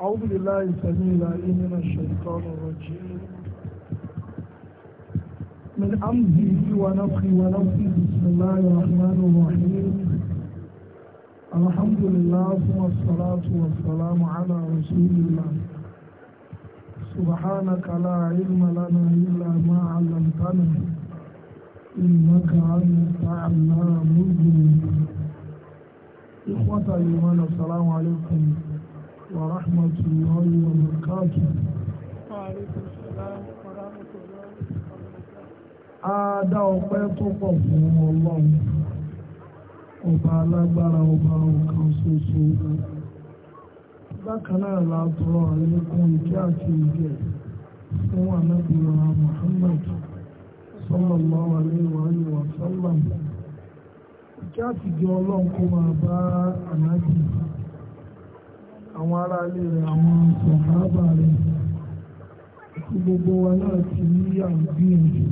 أعوذ بالله السميع العليم من الشيطان الرجيم من أمزه ونفخه ونفخ بسم الله الرحمن الرحيم الحمد لله ثم الصلاة والسلام على رسول الله سبحانك لا علم لنا إلا ما علمتنا إنك أنت علام الغيوب إخوة الإيمان السلام عليكم ورحمة الله وبركاته وعليكم السلام ورحمة الله Adá ọpẹ́ tó pọ̀ fún Ọlọ́run, ọba alágbára ọba ọ̀kan ṣoṣo. Bákan náà la tọrọ àlékún ìkẹ́ àti fún Muhammad Ọlọ́run kó máa bá àwọn ará ilé rẹ̀ àwọn sàhábà rẹ̀ tí gbogbo wa náà ti ní àgbìyànjú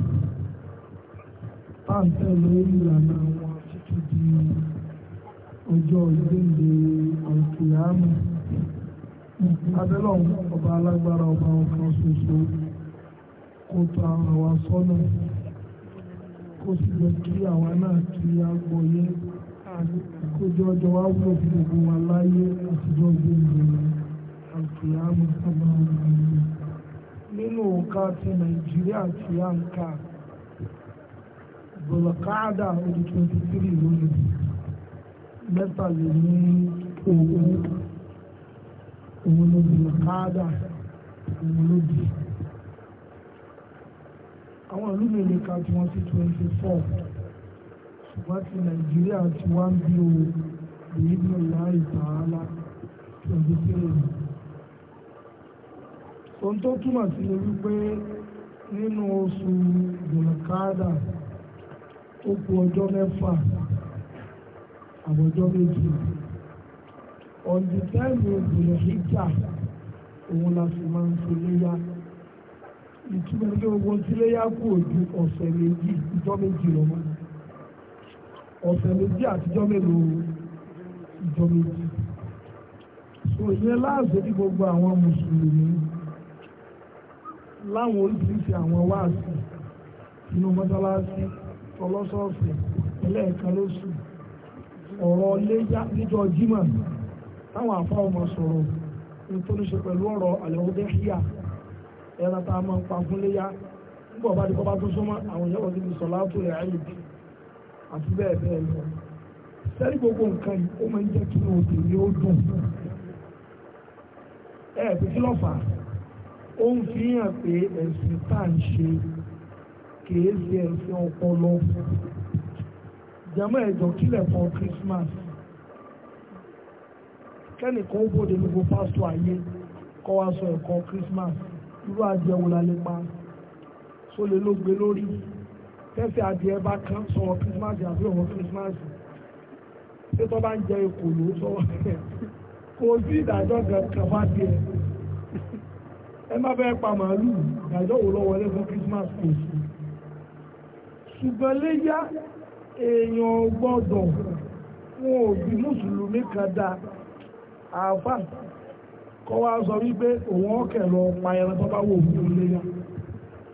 pàǹtẹ̀lẹ̀ ìlànà àwọn títí di ọjọ́ ìgbéǹde àìkìyàmù abẹ́lọ́n ọba alágbára ọba ọ̀kan ṣoṣo kó tọ́ àwọn wa sọ́nà kó sì jẹ́ kí àwa náà kí á gbọ́yé kójú ọjọ́ wa wúlò fún gbogbo wa láyé àtijọ́ gbogbo àkìyàmù sábà nínú òǹkà ti nàìjíríà ti à ń kà bọ̀lọ̀káàdà orí twenty three lónìí mẹ́tàléní òwú òun ló bọ̀lọ̀káàdà òun ló bì àwọn ìlú mi lè ka tí wọ́n sí twenty four wọ́n ti nàìjíríà ti wá ń bí o èyí ní ọ̀la ìtàhálà twenty three. ohun tó túmọ̀ sí ni wípé nínú oṣù jùlọkádà ó kù ọjọ́ mẹ́fà àbọ̀jọ́ méjì ọ̀dùtẹ́ẹ̀lì jùlọ̀híjà òun la sì máa ń ṣe léyà ìtumọ̀ ní gbogbo tí léyà kù ojú ọ̀sẹ̀ méjì ìjọ́ méjì lọ́wọ́. ọ̀sẹ̀ méjì àtijọ́ mélòó ìjọ méjì so ìyẹn láàzọ bí gbogbo àwọn mùsùlùmí láwọn oríṣiríṣi àwọn wáàsí inú mọ́sálásí ọlọ́sọ̀ọ̀sẹ̀ ẹlẹ́ẹ̀kan lóṣù ọ̀rọ̀ léyà níjọ jímọ̀ táwọn àfa sọ̀rọ̀ nítorí ṣe pẹ̀lú ọ̀rọ̀ àlẹ́wọ́dẹ́ híà tá a máa ń àti bẹ́ẹ̀ bẹ́ẹ̀ lọ sẹ́rí gbogbo nǹkan yìí ó máa ń jẹ́ kí òde ni ó dùn ẹ ẹ̀ pé kí ló fà á ó ń fi hàn pé ẹ̀sìn tá à ń ṣe kìí ṣe ẹ̀sìn ọpọlọ jẹ́mọ́ ẹ̀jọ̀ kílẹ̀ fún Christmas kẹ́nìkan ó bòde gbogbo pásítọ̀ ayé kọ́ wá sọ ẹ̀kọ́ Christmas irú àjẹwò la lè pa sólè ló gbé lórí tẹ́sí adìẹ bá kán sọ̀rọ̀ kírísímàsì àbí ọ̀wọ́ kírísímàsì pé tó bá ń jẹ ekòló sọ̀rọ̀ kò sí ìdájọ́ kankan bá tiẹ̀ ẹ má bẹ́ẹ̀ pa màálù ìdájọ́ wò lọ wọlé fún kírísímàsì kò sí ṣùgbọ́n léyà èèyàn gbọ́dọ̀ wọn ò bí mùsùlùmí kan dáa àáfà kọ́ wá sọ wípé òun ọ̀kẹ́ lọ pa ẹran tó bá wò ó léyà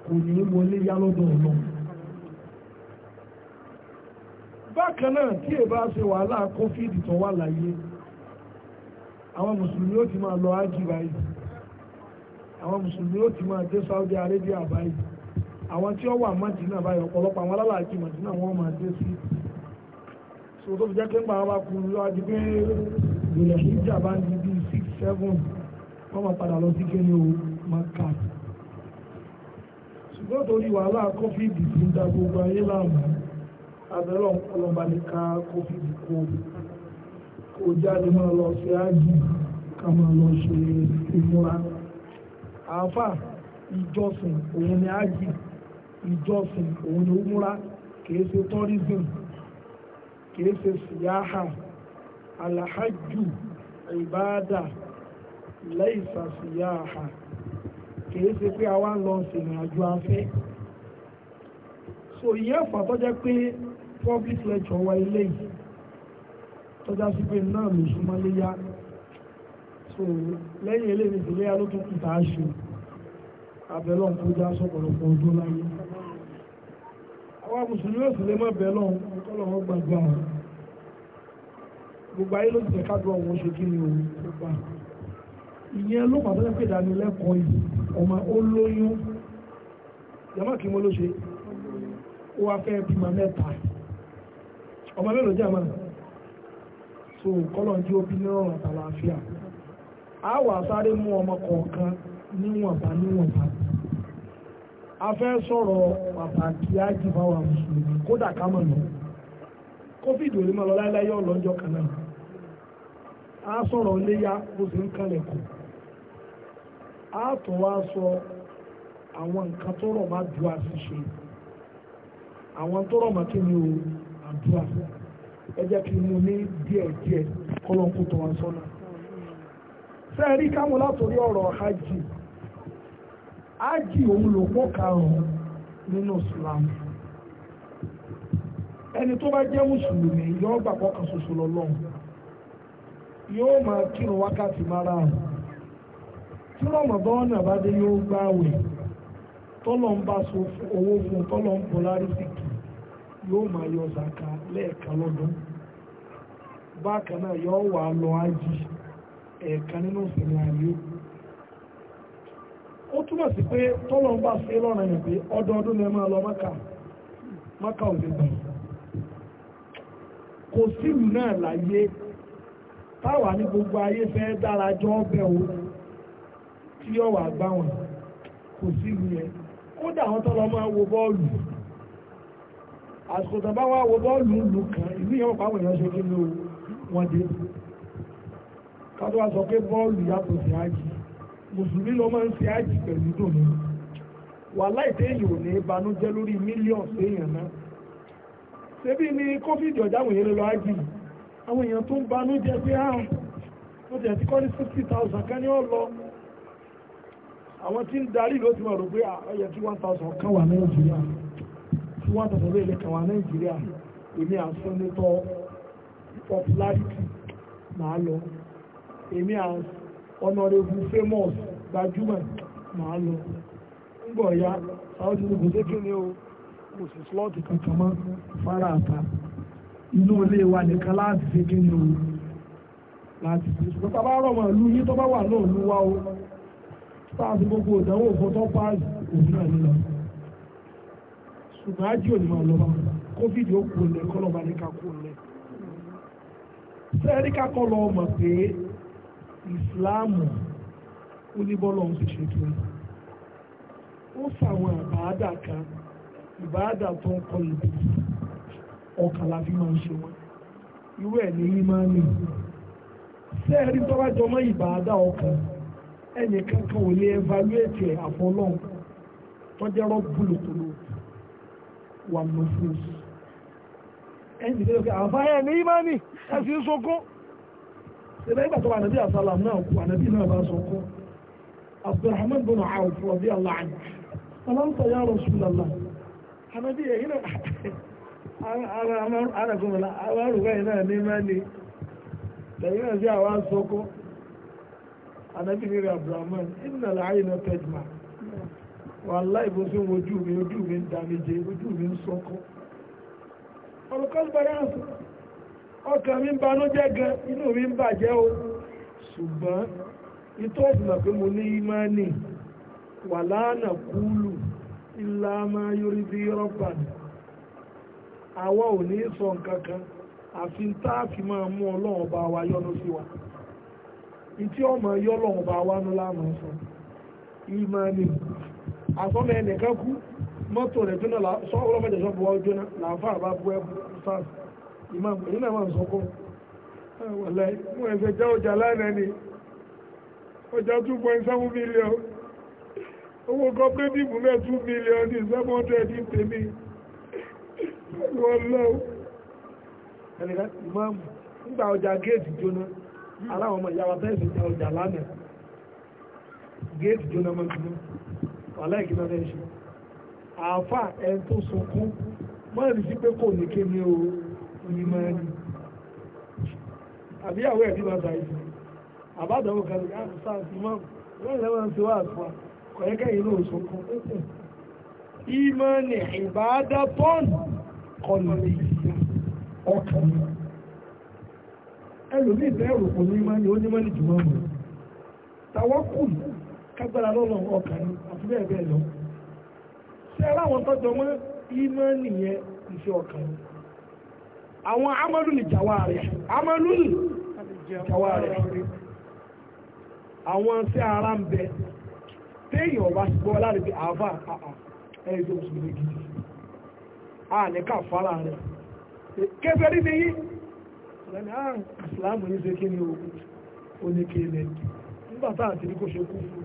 kò ní í wọlé yá lọ́dọ̀ bákan náà tí èbá ṣe wàhálà covid tó wà láyé àwọn mùsùlùmí ó ti máa lọ ájì báyìí àwọn mùsùlùmí ó ti máa dé Saudi Arabia báyìí àwọn tí ó wà Madina báyìí ọ̀pọ̀lọpọ̀ àwọn alálàájì Madina wọ́n máa dé sí so tó fi jẹ́ pé ń bá kú lọ ájì pé ìrìnlẹ̀ ìjà bá ń di bíi six seven wọ́n máa padà lọ sí kéde o máa kà ṣùgbọ́n torí wàhálà covid ti ń da gbogbo ayé láàmú abẹ́rẹ́ ọ̀pọ̀lọba ní ká covid kó kó jáde máa lọ sí ájì ká máa lọ ṣe ìmúra àáfà ìjọsìn òun ni ájì ìjọsìn òun ni umura kìí ṣe tourism kìí ṣe siyaha alahajju ibada laisa siyaha kìí ṣe pé àwa ń lọ sìnrìn àjò afẹ́ so ìyẹn fà tó jẹ́ pé public lecture wa ilé yìí tó já sí pé náà ló súnmọ́ léyà so lẹ́yìn eléyìí tó léyà ló tún kù tá a ṣe abẹ́lọ́n tó já sọ̀pọ̀lọpọ̀ ọdún láyé àwa mùsùlùmí ò sì lè mọ̀ bẹ́lọ́n tọ́lọ́wọ́ gbàgbà gbogbo ayé ló ti tẹ̀ ká dùn ọ̀wọ́ ṣe kí ni òun gbogbo ìyẹn ló pàtó lẹ́pẹ̀dánilẹ́kọ̀ọ́ yìí ọmọ ó yàmá kí mo ló ṣe ó wá ya bímọ mẹ́ta ọmọ mélòó jẹ́ so kọ́lọ̀ ń obi ní ọ̀rọ̀ àtàlàáfíà a wà sáré mú ọmọ kọ̀ọ̀kan níwọ̀nba níwọ̀nba a fẹ́ sọ̀rọ̀ pàtàkì ájìbáwà mùsùlùmí kódà ká mọ̀ lọ máa lọ láéláé yọ̀ lọ́jọ́ kan náà a sọ̀rọ̀ léyà bó ṣe ń kalẹ̀ àwọn tó rọ̀ mọ́ kí ni o àdúrà ẹ jẹ́ kí ní díẹ̀ díẹ̀ kọ́lọ́ńkù tó wá sẹ́ẹ̀rí káwọn látòrí ọ̀rọ̀ hajj hajj òun ló pọ̀ karùn nínú Islam ẹni tó bá jẹ́ mùsùlùmí kan ṣoṣo yóò máa kírun wákàtí yóò máa yọ zaka lẹ́ẹ̀kan lọ́dún bákan náà yóò wà lọ ájì ẹ̀ẹ̀kan nínú ìsinmi ayé ó túmọ̀ sí pé tọ́lọ̀ ń bá ṣe lọ́nà yẹn pé ọdọọdún lẹ́ máa lọ mọ́kà mọ́kà ò lè kò sílùú náà láyé táwa ní gbogbo ayé fẹ́ dára jọ ọbẹ̀ o tí yọ wà kò sílùú yẹn kódà tọ́lọ̀ máa wo àsìkò bá wá wo bọ́ọ̀lù ìlú kan ìlú ìyẹn pàwọn èèyàn ṣe nínú wọn dé kátó wá sọ pé bọ́ọ̀lù yàtọ̀ sí ájì mùsùlùmí ló máa ń ṣe ájì pẹ̀lú dòní wà láìpẹ́ èèyàn ò ní banújẹ́ lórí mílíọ̀nù èèyàn náà ṣebí ní kófíìdì ọ̀dá àwọn èèyàn lọ ájì àwọn èèyàn tó ń banújẹ́ pé á ah, ó tẹ̀ sí kọ́lí sixty thousand kan ní ọ̀lọ́ àwọn tí ń darí ló ti mọ̀ rò pé ọ̀yẹ̀ ah, tí one thousand kan wà ní Nàìjíríà tí wọ́n àtàtàwé ilẹ̀ kàwà nàìjíríà èmi àsọ́nítọ́ popularity máa lọ èmi honorable famous gbajúmọ̀ máa lọ ńgbọ̀ ya sáwọ́dí ní gbòdékè o kò fara àta inú wa o láti bá o ṣùgbọ́n ájì ò ní máa lọ́wọ́ covid ó kú lẹ̀ kọ́ lọ́ba ní ká kú lẹ̀. sẹ́ẹ̀rí kakọ́ lọ mọ̀ pé ìsìláàmù ó ní bọ́lọ̀ ń ti ṣètò ẹ̀. ó fàwọn àbáàdà kan ìbáàdà tó ń kọ ìbí ọkàn la fi máa ń ṣe wọn irú ẹ̀ ní ìmánì sẹ́ẹ̀rí tọ́lájọmọ́ ìbáàdà ọkàn ẹnì kankan ò lè evaluate àfọlọ́n tọ́jẹ́rọ́ búlùkùlù wà lọ́fúnṣù ẹni tẹ́lẹ̀ pé àfáyẹ̀ ní ìmáni ẹ̀sì ń sọkọ́ ṣẹlẹ̀ ìgbà tó ànàbí àsálàm náà kú ànàbí náà bá sọkọ́ Abdurrahman bin Auf radi Allah anhu ọlọ́ntà ya Rasulullah ànàbí ẹ̀yìn náà arákùnrin awárùgbà yìí náà ní ìmáni lẹ́yìn náà sí àwọn sọkọ́ ànàbí rẹ̀ Abdurrahman ìnnà láàyè náà tẹ́jùmáà wàhálà ìbò sí ohun ojú mi ojú mi ń oju ojú mi ń sọkọ ọlọ́kọ́lùbọ̀rẹ́ àṣù ọkàn mi ń banújẹ́ gan inú mi ń bàjẹ́ o ṣùgbọ́n ìtọ́sí pé mo ní imani wà lánà ilá máa yọrí sí rọ́bà àwa ò ní sọ nǹkan kan àfi táàfì máa mú ọlọ́run bá wa yọnu sí wa àtọ́mọ̀ ẹnìkan kú mọ́tò rẹ̀ jóná ọlọ́mọdé sọ buwọ́ jóná làáfà bá bú ẹ sars imam èyí náà máa ń sọkọ́ wàlẹ́ wọn ẹ̀sẹ̀ já ọjà lánàá ni ọjà two point seven million owó cooperative náà two million ní seven hundred ní tèmi wọ́n lọ́wọ́ ẹnìkan imam nígbà ọjà géètì jóná aláwọ̀ ọmọ ìyá wa tẹ́sí ọjà lánàá géètì jóná mọ́tò náà wàhálà ìgbìmọ̀ fẹ́ ṣe àáfà ẹni tó sunkún wọ́n rí sí pé kò ní ké ní o onímọ̀ ẹni àbíyàwó ẹ̀bí bá ta ìsìn àbádọ́wò kan ní àkùsá àti mọ́ wọ́n lè máa ń ti wá àtúwà kọ̀yẹ́kẹ́ yìí lóò sunkún ìmọ̀ ní ní ìmọ̀ kágbára lọ́lọ́ ọkàn ni àti bẹ́ẹ̀ bẹ́ẹ̀ lọ. ṣé aláwọ̀ tọ́jọ́ mọ́ ìmọ̀ nìyẹn ìṣe ọkàn ni. àwọn amadu ni jàwá rẹ̀ amadu ni jàwá rẹ̀. àwọn sí ara ń bẹ téèyàn ọba gbọ́ láti fi àáfà ẹ̀yìn tó mùsùlùmí gidi. a ní ká fara rẹ̀. kẹfẹ́ rí ni yí. ìlànà ah, ìsìlámù yìí ṣe kí ni o oníkèlè nígbà tá àti ní kò ṣe kú fún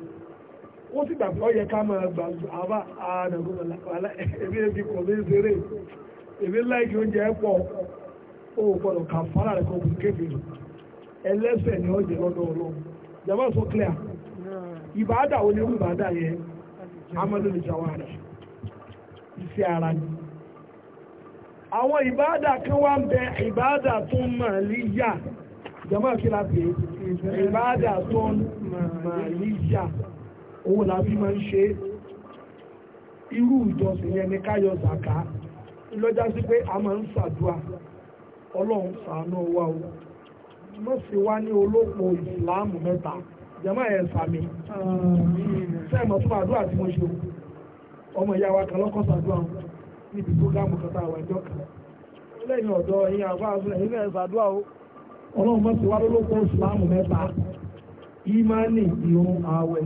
wọ́n sì gbàgbé ọyẹ ká máa gbà àbá àdàgbọ́n ẹbí ẹbí kọ̀ ní ìṣeré èmi láìkí oúnjẹ pọ̀ ó gbọ́dọ̀ kà fara rẹ̀ kọkùn kébìrì ẹlẹ́sẹ̀ ni ọjẹ́ lọ́dọ̀ ọlọ́run jàmbá sọ clear ìbáadà wo ni ìbáadà yẹ amadu jawara iṣẹ́ ara ni àwọn ìbáadà kan wá ń bẹ ìbáadà tó máa lè yà jàmbá kí la pè é ìbáadà tó máa lè yà owó làbí máa ń ṣe irú ìjọsìn yẹn ni káyọ̀ zàká sí pé a máa ń ṣàdúà ọlọ́run ṣàánú wa o mọ̀ sí wá ní olóko ìsìláàmù mẹ́ta jẹ́mọ́ ẹ̀ sàmì sẹ́ẹ̀mọ̀ tó máa dúà tí mo ṣe o ọmọ ìyá wa kan lọ́kọ́ ṣàdúà o níbi prógámù kan tá àwọn ẹjọ́ kan lẹ́yìn ọ̀dọ́ ẹ̀yìn àfáàfin ẹ̀yìn ẹ̀ ṣàdúà o ọlọ́run mọ̀ sí wá lólóko ìsìláàmù mẹ́ta ìmánì ìrun ààwẹ̀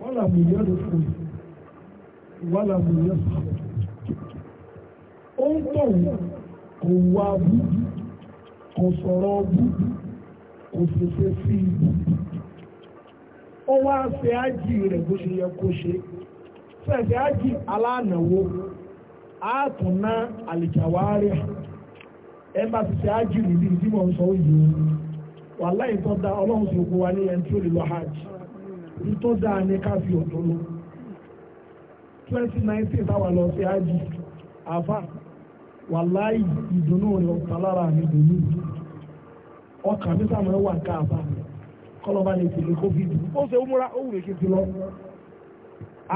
wala mu yẹ́rùfù wala mu yẹ́rùfù ó ń tọ̀hún kò wá bú kò sọ̀rọ̀ bú kò fèsè sí ibú ó wá ṣe ájì rẹ̀ bó ṣe yẹ kó ṣe fẹ̀sẹ̀ ájì àlìjàwárí ẹ bá ájì ń sọ òyìn da ọlọ́run wa ní ẹni tí ó lè lọ hajj tó dáa ní káfí ọ̀dọ́ lọ. twenty nineteen táwa lọ sí ájì àfa wàláì ìdùnnú rẹ̀ ọ̀tá mi dùnú ọkàn mi sàmọ́ wà káàbà lè covid ó ṣe múra ó wùrẹ̀ kí n ti lọ.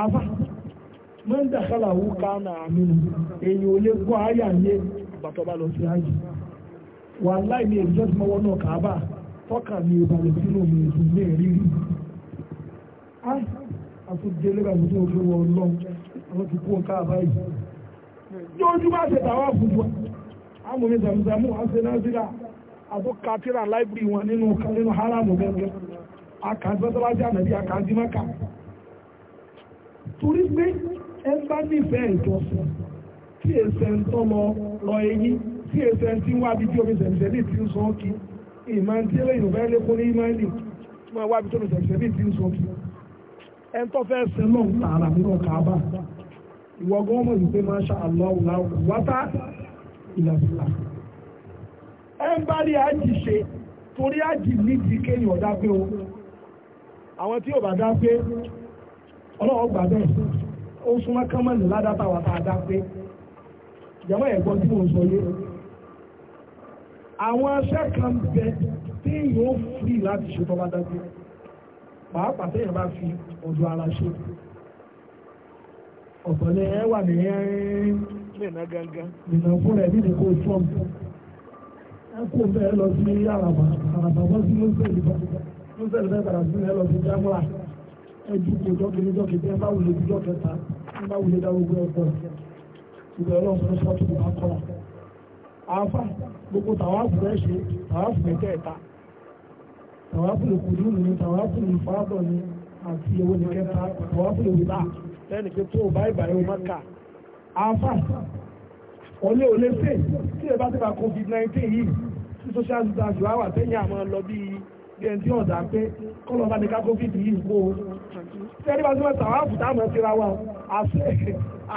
àfa máa ń dàkálà wú kánà àmì nù èyí ò lè gbọ́ àyà yé lọ sí ájì wàláì mi èyí tọ́kà mi sínú mi àtúndé lẹ́gbàgbọ́ tó gbé wọn lọ àwọn ti kú ọ̀ká àbáyé yóò jú bá ṣe tàwa fùdù àmúlé zamzamu àṣẹ nàìjíríà àbó katira láìbírì wọn nínú nínú haramu gẹ́gẹ́ akàgbẹ́sọ́lájì ànàbí akàdímákà torí pé ẹ bá nífẹ̀ẹ́ ìjọsìn tí èsẹ̀ ń tọ́ lọ lọ eyín tí èsẹ̀ ń tí ń wábi tí omi zẹ̀mìzẹ̀mì ti ń sọ ọ́ kí ìmọ̀ tí eléyìí ò bá lékún ní ìmọ̀ ẹ̀lì tí wọ́n wábi tí omi zẹ̀mìzẹ̀mì ti ń sọ ọ́ kí ẹni tó fẹ́ sin lọ́n tààrà nínú kàábà ìwọ gan mọ̀ wípé máa ṣe àlọ́wù láwù wátá ìlàsílà ẹ ń bá rí àjì ṣe torí àjì nídìí kéyìn ọ̀dá pé o àwọn tí ò bá dá pé ọlọ́wọ́ gbà bẹ́ẹ̀ ó súnmọ́ kánmọ́nì ládàtà wà dá pé ìjàmọ́ ẹ̀gbọ́n tí mò sọ yé àwọn aṣẹ́ kan bẹ téèyàn ó fi láti ṣe tó bá dá pé pàápàá téèyàn bá fi ojú ara ṣe ọ̀pọ̀ ni ẹ wà ní ẹ̀ẹ́nà gangan ìnà fún rẹ̀ nídìí kó trump ẹ kó bẹ́ẹ̀ lọ sí àràbà àràbà wọ́n sí ló sẹ́lẹ̀ bá ló sẹ́lẹ̀ bá bàrà sí ẹ lọ sí jámúra ẹ ju kó jọ́kiri jọ́kiri ẹ bá wulè ju jọ́kẹta ẹ bá wulè dáwọ́gbé ẹ̀kọ́ ìgbẹ́ ọlọ́run fún ṣọ́ọ̀tù kò bá kọ́ àáfà gbogbo tàwa fún ẹ ṣe tàwa fún ẹ kẹ́ẹ̀ta tàwáfùlù kùdú ni tàwáfùlù ìfàbọ̀ ni àti owó ní kẹta tàwáfùlù wìlà lẹ́nu pé tó o bá ìgbà yóò má kà áfà olé olé fè tí ẹ bá ti bá covid nineteen yìí tí social distance wà wà tẹ́yìn àmọ́ lọ bí bí ẹni tí ọ̀dà pé kọ́lọ̀ bá ní ká covid yìí kó o tí ẹni bá ti wọ́n tàwáfù táwọn ti ra wa àṣẹ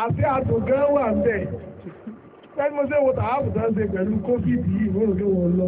àṣẹ àtògán wà ń bẹ̀ tẹ́ni mo ṣe wo tàwáfù tó ń ṣe pẹ̀lú covid yìí mo rò pé wọ́n lọ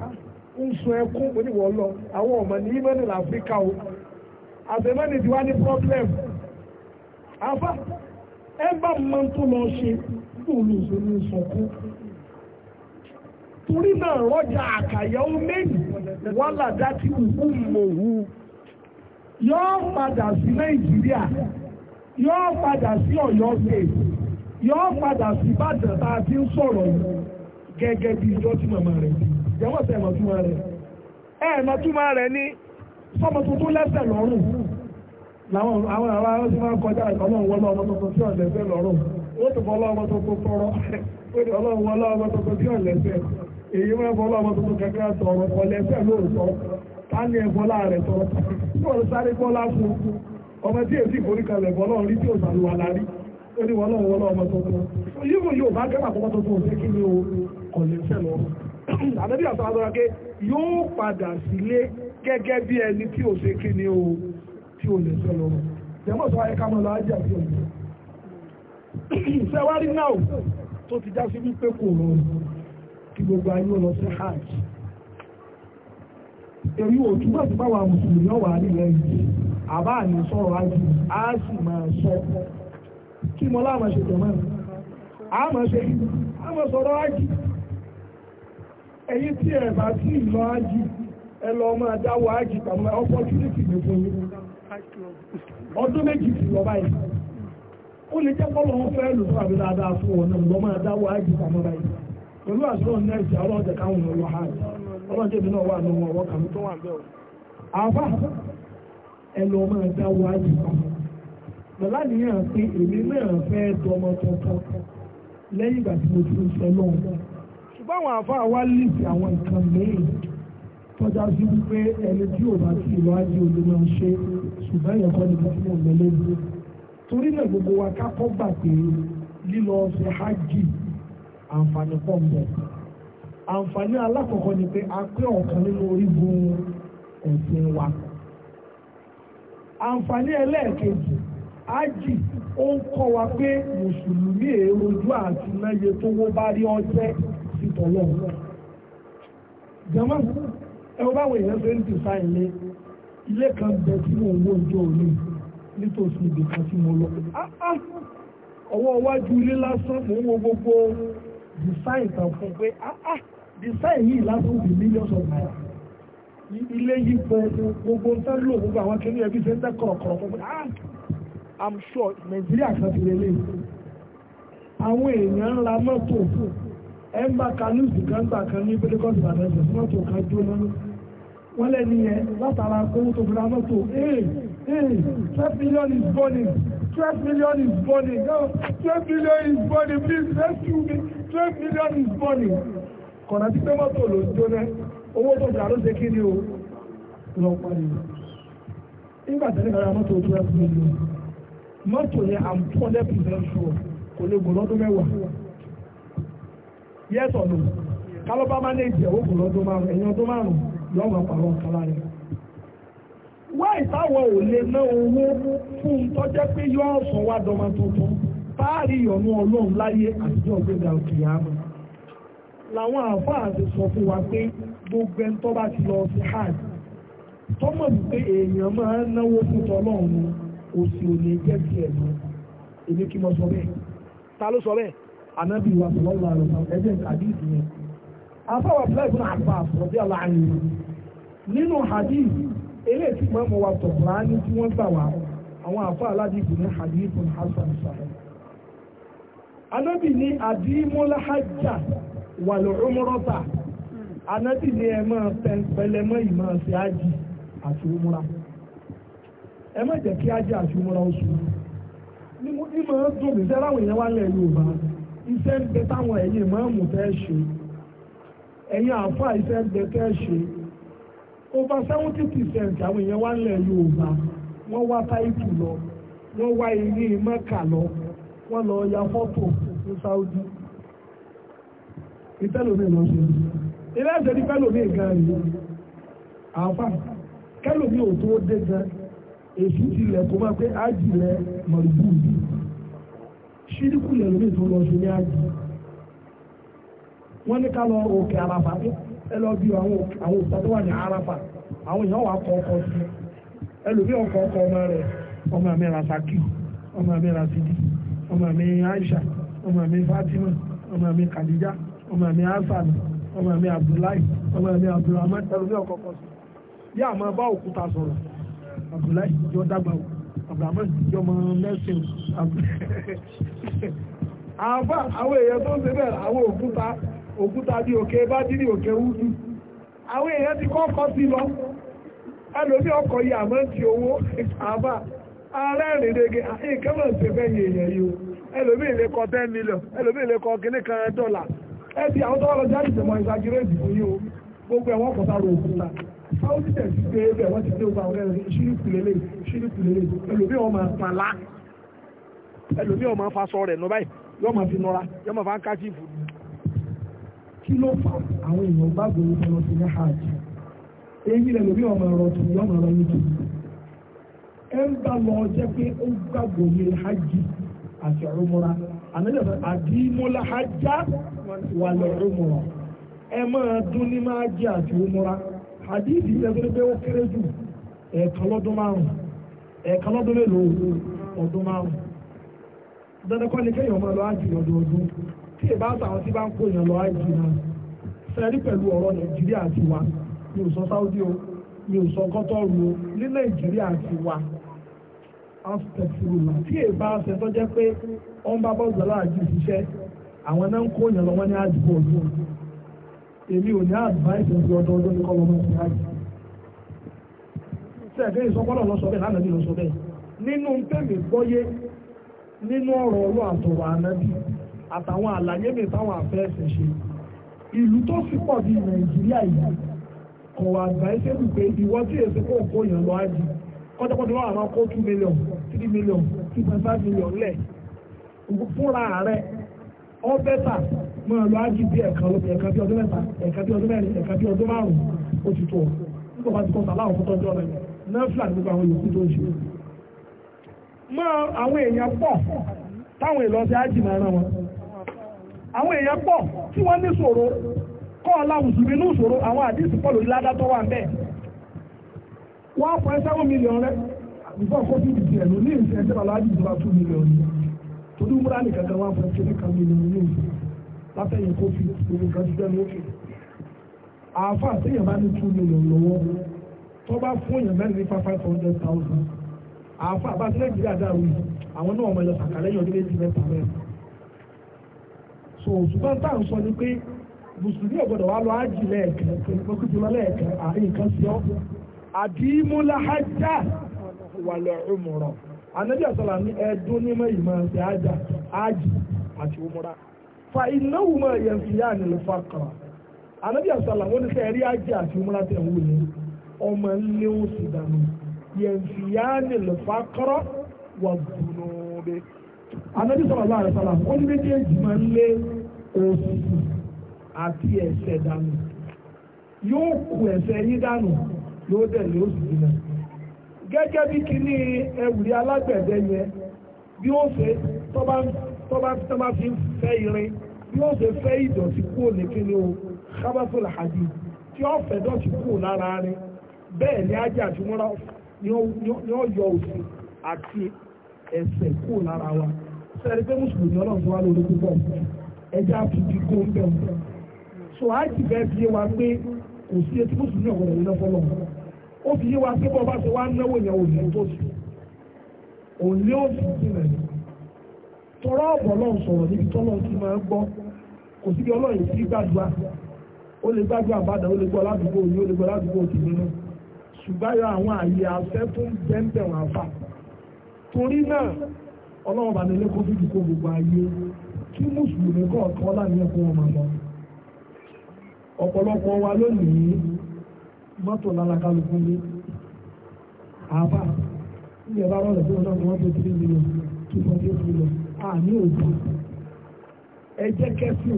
ń sun ẹkún oníwọ̀ lọ àwọn ọmọ ní ìmọ̀nì láfíríkà o àtẹ̀mọ́nì ti wá ní problem afá ẹ bá mọ́ tó lọ ṣe lóòlù ìṣòro ìṣọ̀kú torí náà rọ́jà àkàyẹ̀wò méjì wọ́n làdá tí òkú mòwú yóò padà sí nàìjíríà yóò padà sí ọ̀yọ́ state yóò padà sí ìbàdàn tá a ti ń sọ̀rọ̀ gẹ́gẹ́ bí ìjọ tí màmá rẹ̀ bí. jẹ́wọ́ sẹ́ mọ̀ túmọ̀ rẹ̀ ẹ̀ mọ̀ túmọ̀ rẹ̀ ní sọmọ tuntun lẹ́sẹ̀ lọ́rùn làwọn àwọn kọjá ìkọlọ́run wọlé ọmọ tuntun tí ọ̀lẹ́sẹ̀ lọ́rùn ó ti fọ́ ọmọ tuntun tí ọ̀lẹ́sẹ̀ sáré ọmọ tí èsì ìforíkalẹ̀ tí ò sàlùwà lárí ó ní ọmọ tuntun àdébí àtàwọn yóò padà sílé gẹ́gẹ́ bí ẹni tí ò ṣe kí ní o tí ò lè sọ lọ́wọ́ jẹ́mọ́ sọ ayẹ́ká mọ́ lọ ájá sí ọ̀dọ́ sẹ́wárí náà tó ti já sí wípé kò rọrùn kí gbogbo ayé lọ sí hajj èyí ò túbọ̀ sí báwa mùsùlùmí nílẹ̀ yìí àbá àní sọ̀rọ̀ sì máa sọ kí ẹ̀yin tí ẹ̀ bá tí lọ ájì ẹ lọ máa dáwọ́ ájì pàmò opportunity lè fún yín ọdún méjì ti lọ báyìí ó lè jẹ́ kọ́ lọ́wọ́ fẹ́ lò fún àbí dáadáa fún ọ̀nà lọ́ máa dáwọ́ ájì pàmò báyìí pẹ̀lú àṣọ nẹ́ẹ̀sì ọlọ́ọ̀dẹ̀ káwọn ha náà wà nínú tó wà ń ṣùgbọ́n àwọn àfáà wá lìsì àwọn nǹkan mìíràn tọ́já sí pé ẹni tí ò bá ti ìwádìí olú máa ń ṣe ṣùgbọ́n èèyàn kọ́ ni bí tí mo mọ lẹ́nu torí náà gbogbo wa ká kọ́ gbà pé lílọ ṣe hajj àǹfààní pọ̀ ń bẹ àǹfààní alákọ̀ọ́kọ́ ni pé a pé ọ̀kan nínú orígun ẹ̀sìn wa àǹfààní ẹlẹ́ẹ̀kejì ájì ó ń kọ́ wa pé mùsùlùmí èròjú àti náye tó wó bá rí ọjẹ́ sí tọ́lọ́ jama ẹwọ báwo èèyàn ṣe ń tìfà ilé ilé kan bẹ tí mo wó ìjọ òní nítòsí ibi kan tí mo lọ ah, ah, ọwọ́ iwájú ilé lásán mo ń wo gbogbo design kan fún pé ah, design yìí lásán bí millions of naira ilé yìí pẹ gbogbo nǹkan lò gbogbo àwọn akéwì ẹbí ṣe ń tẹ kọ̀rọ̀kọ̀rọ̀ fún ah i'm sure nàìjíríà kan ti lè lè àwọn èèyàn ńlá mọ́tò fún ẹgbà kanu kan gbà kan ní pẹ́lẹ́kọ́sì àtẹ́sẹ̀ tí mọ́tò kan jóná wọ́n lẹ́ni yẹn látara kówó tó ee ee twelve million is burning twelve million is burning no twelve million is burning please rescue me twelve million is burning kọ̀nà tí pé mọ́tò ló jóná owó tó jà ló ṣe kí ni o lọ parí nígbà tẹ́lẹ̀ kára mọ́tò twelve million mọ́tò yẹn I'm hundred percent sure kò lè yes or no kálọ́bá mánéèjì ẹ̀wọ́gùn lọ́dún márùn ẹ̀yìn ọdún márùn lọ́wọ́ àpàrọ̀ kálá rẹ̀ wáì táwọn ò lè ná owó fún tọ́jẹ́ pé yóò sọ wá dọ́mọ tuntun táàrí ìyọ̀nù ọlọ́run láyé àtijọ́ gbẹ̀dà òkèèyà mọ́ làwọn àáfàá ti sọ fún wa pé gbogbo ẹni tó bá ti lọ sí hajj tọ́mọ̀ wípé èèyàn máa ń náwó fún tọ́lọ́run òsì ò ní jẹ́ tiẹ̀ mọ́ èmi kí mo sọ bẹ́ẹ̀ ta ló sọ bẹ́ẹ̀ Anabi wa sọlọ́lá rẹ̀ ẹ̀jẹ̀ hadith yẹn. afáwà fúláìfù náà àgbà àfọ̀dé aláàánú nínú hadith eléyìí tí mọ́mọ́ wa tọ̀kùnrán ní tí wọ́n gbà àwọn àfọ̀ aládìbò ní hadith hasan ẹ máa ṣe àti ẹ má kí àti mo dùn mí sẹ́ráwìn yẹn iṣẹ́ ń bẹ táwọn ẹ̀yin ìmáàmù fẹ́ ṣe ẹ̀yin àáfà iṣẹ́ ń bẹ fẹ́ ṣe over seventy percent àwọn èèyàn wá nílẹ̀ Yorùbá wọ́n wá táìtù lọ wọ́n wá ilé mẹ́kà lọ wọ́n lọ ya fọ́tò ní Saudi ìtẹ́lómi lọ ṣe ilé ẹ̀sẹ̀ ní pẹ́lómi gan ni àáfà kẹ́lómi ò tó dé gan èsì tilẹ̀ kó máa pé ájì rẹ̀ mọ̀lúbù yìí ṣíríkù lẹ́nu ní ìtò lọ́sùn ní àjì wọ́n ní ká lọ òkè àràfà ẹ lọ bí àwọn òkúta tó wà ní àràfà àwọn èèyàn wà kọ́ ọkọ̀ sí ẹlòmí ọkọ̀ ọkọ̀ ọmọ rẹ̀ ọmọ mi rasaki ọmọ mi rasidi ọmọ mi aisha ọmọ mi fatima ọmọ mi kadija ọmọ mi hasan ọmọ mi abdullahi ọmọ mi abdulrahman ẹlòmí ọkọ̀ ọkọ̀ sí bí àmọ́ bá òkúta sọ̀rọ̀ abdullahi yóò dàgbà òkú abdulhamid jọmọ mẹ́sìn àbá àwọn èèyàn tó ń ṣe bẹ́ẹ̀ àwọn òkúta òkúta bí òkè bá dínì òkè wúdú àwọn èèyàn ti kọ́kọ́ sí lọ ẹlòmí ọkọ̀ yìí àmọ́ ti owó àbá ààrẹ ìrìnlẹ̀gẹ̀ àìkẹ́mọ̀ ṣe fẹ́yìn èèyàn yìí o ẹlòmí ilé kọ 10 million ẹlòmí ilé kọ kìíní kan dọ́là ẹbí àwọn tọ́wọ́ lọ jáde tẹ̀mọ̀ ìsàgírẹ́dì fún yìí o gbogbo ẹ̀wọ̀n kọ̀tà rò òkúta ó ti tẹ̀sí pé ẹgbẹ́ wọ́n ti dé ogun àwọn ẹ̀rọ ṣíríkùlélẹ̀ ṣíríkùlélẹ̀ ẹlòmí ọmọ pàlá ẹlòmí ọmọ fasọ rẹ̀ nọ báyìí yóò máa fi nọra yóò máa fa káṣífù. kí ló fà àwọn èèyàn gbàgbọ́ orúkọ lọ sí ní hajj èyí lẹ́lòmí ọmọ ọ̀rọ̀ tó yọ ọmọ ọ̀rọ̀ yìí tó ẹ ń bá lọ jẹ́ pé ó gbàgbọ́ ní hajj àti ọ̀rọ̀mọ́ra ànájọ́ àdìmọ́lá hajjá wà lọ́rọ̀mọ́ra ẹ máa dún ní máa jẹ́ àti ọ̀rọ̀mọ́ra àdíìdì ẹgbẹ́ pé ó kéré jù ẹ̀ẹ̀kan lọ́dún márùn-ún ẹ̀ẹ̀kan lọ́dún mélòó ọdún márùn-ún dandan kọ́ ni kéèyàn máa lọ ájì lọ́dọọdún tí ìbá àtàwọn tí bá ń kó èèyàn lọ ájì náà sẹ́rí pẹ̀lú ọ̀rọ̀ nàìjíríà ti wa mi ò sọ sáúdí o mi ò sọ kọ́tọ́ọ̀rù o ní nàìjíríà ti wa aspẹ̀tìrùlà tí ìbá àṣẹ jẹ́ pé ọ̀n bá bọ́ọ̀lù èmi ò ní àdìbáyìsì ẹ̀sìn ọdọọdún ní kọ́lọ́mọ ẹ̀sìn hajj sẹ́ẹ̀kẹ́ ìsọpọ́lọ̀ lọ sọ bẹ́ẹ̀ lánàá bí lọ sọ bẹ́ẹ̀ nínú tẹ́mi gbọ́yé nínú ọ̀rọ̀ ọlọ́ àtọ̀rọ̀ ànábì àtàwọn àlàyé mi ṣe ìlú tó pọ̀ nàìjíríà yìí pé tí èsì kò kó yàn lọ ájì máa lọ ájì bí ẹ̀ka ẹ̀ka bí ọdún mẹ́ta ẹ̀ka bí ọdún mẹ́rin ẹ̀ka bí ọdún márùn-ún ó tó nígbà bá ti kọ́ sàlá àwọn yòókù tó ń èèyàn pọ̀ táwọn èèyàn ṣe ájì máa ràn àwọn èèyàn pọ̀ tí wọ́n ní kọ́ ọ àwọn àdìsí pọ̀ lórí one point seven million rẹ tiẹ̀ látẹ̀yìn kó fi gbogbo nǹkan ti dẹ́nu òkè àáfà téèyàn bá ní two million lọ́wọ́ tó bá fún èèyàn mẹ́rin nípa five hundred thousand àáfà bá ti nàìjíríà dàrú yìí àwọn náà ọmọ ẹ̀yọ sàkàlẹ́yìn ọdún méjì mẹ́ta mẹ́rin so ṣùgbọ́n tá à ń sọ ni pé mùsùlùmí ọ̀gbọ́dọ̀ wa lọ ájì lẹ́ẹ̀kẹ́ pẹ̀lúpẹ̀lú lẹ́ẹ̀kẹ́ àárín nǹkan sí ọ́ àdìmúlá hajjá wà lọ́ọ̀rù mọ̀rọ̀ ànábì àsàlà ní ẹ̀ẹ́dún nímọ̀ ìmọ̀ àti ájà ájì àti òmùra fa ináwó máa yẹn fi yá àná lọ́fà kan ànábì àṣàlà wọn ní sẹ́ ẹ̀rí ajé àti múra tẹ̀ wò ní ọmọ ilé ó sì dànù yẹn fi yá àná lọ́fà kọ́rọ́ wà gbùnú bẹ́ ànábì sọ̀rọ̀ lọ́wọ́ àṣàlà wọn ní méjèèjì máa ń lé òsì àti ẹ̀ṣẹ̀ dànù yóò kù ẹ̀ṣẹ̀ yín dànù yóò dẹ̀ lé òsì dìnnà gẹ́gẹ́ bí kíní ẹwùrí alágbẹ̀dẹ yẹn bí ó ṣe tọ́ bá ń tó bá tó bá fi fẹ́ irin yóò ṣe fẹ́ ìdọ̀tí kúrò ní kíni o kábàtúlà àdì tí ó fẹ́ dọ̀tí kúrò lára rẹ̀ bẹ́ẹ̀ ni ajé àti múra ni ó yọ òsì àti ẹsẹ̀ kúrò lára wa sẹ́ni pé mùsùlùmí ọlọ́run tó wá lórí púpọ̀ ẹja àtúntì kó ń bẹ̀ wọ́n so àìsí bẹ́ẹ̀ fi yé wa pé kò sí etí mùsùlùmí ọ̀gọ̀dọ̀ yìí lọ́fọ́ lọ́wọ́ ó fi yé wa pé bọ́ọ̀ bá ṣe wá náwó yẹn òní tó sì òní ó sì jìnà yìí tọ́lá ọ̀bọ̀ náà sọ̀rọ̀ níbi tọ́lá ti máa ń gbọ́ kò sí bí ọlọ́run sí gbàdúrà ó lè gbàdúrà bàdà ó lè gbọ́ ládùúgbò yìí ó lè gbọ́ ládùúgbò tìlú náà ṣùgbọ́n yọ àwọn àyè afẹ́ tó ń bẹ́ńbẹ̀ wọn àfà torí náà ọlọ́run bá nílé kó fífi kó gbogbo ayé kí mùsùlùmí kọ̀ọ̀kan láàrin ẹ̀kọ́ wọn máa lọ ọ̀pọ̀lọpọ̀ wa lónìí mọ́tò lálàkálùkù ní àbá ilẹ̀ bá rọrùn tó wọn náà wọ́n tó three million two point eight million àní n'oge ẹ jẹ́ òtò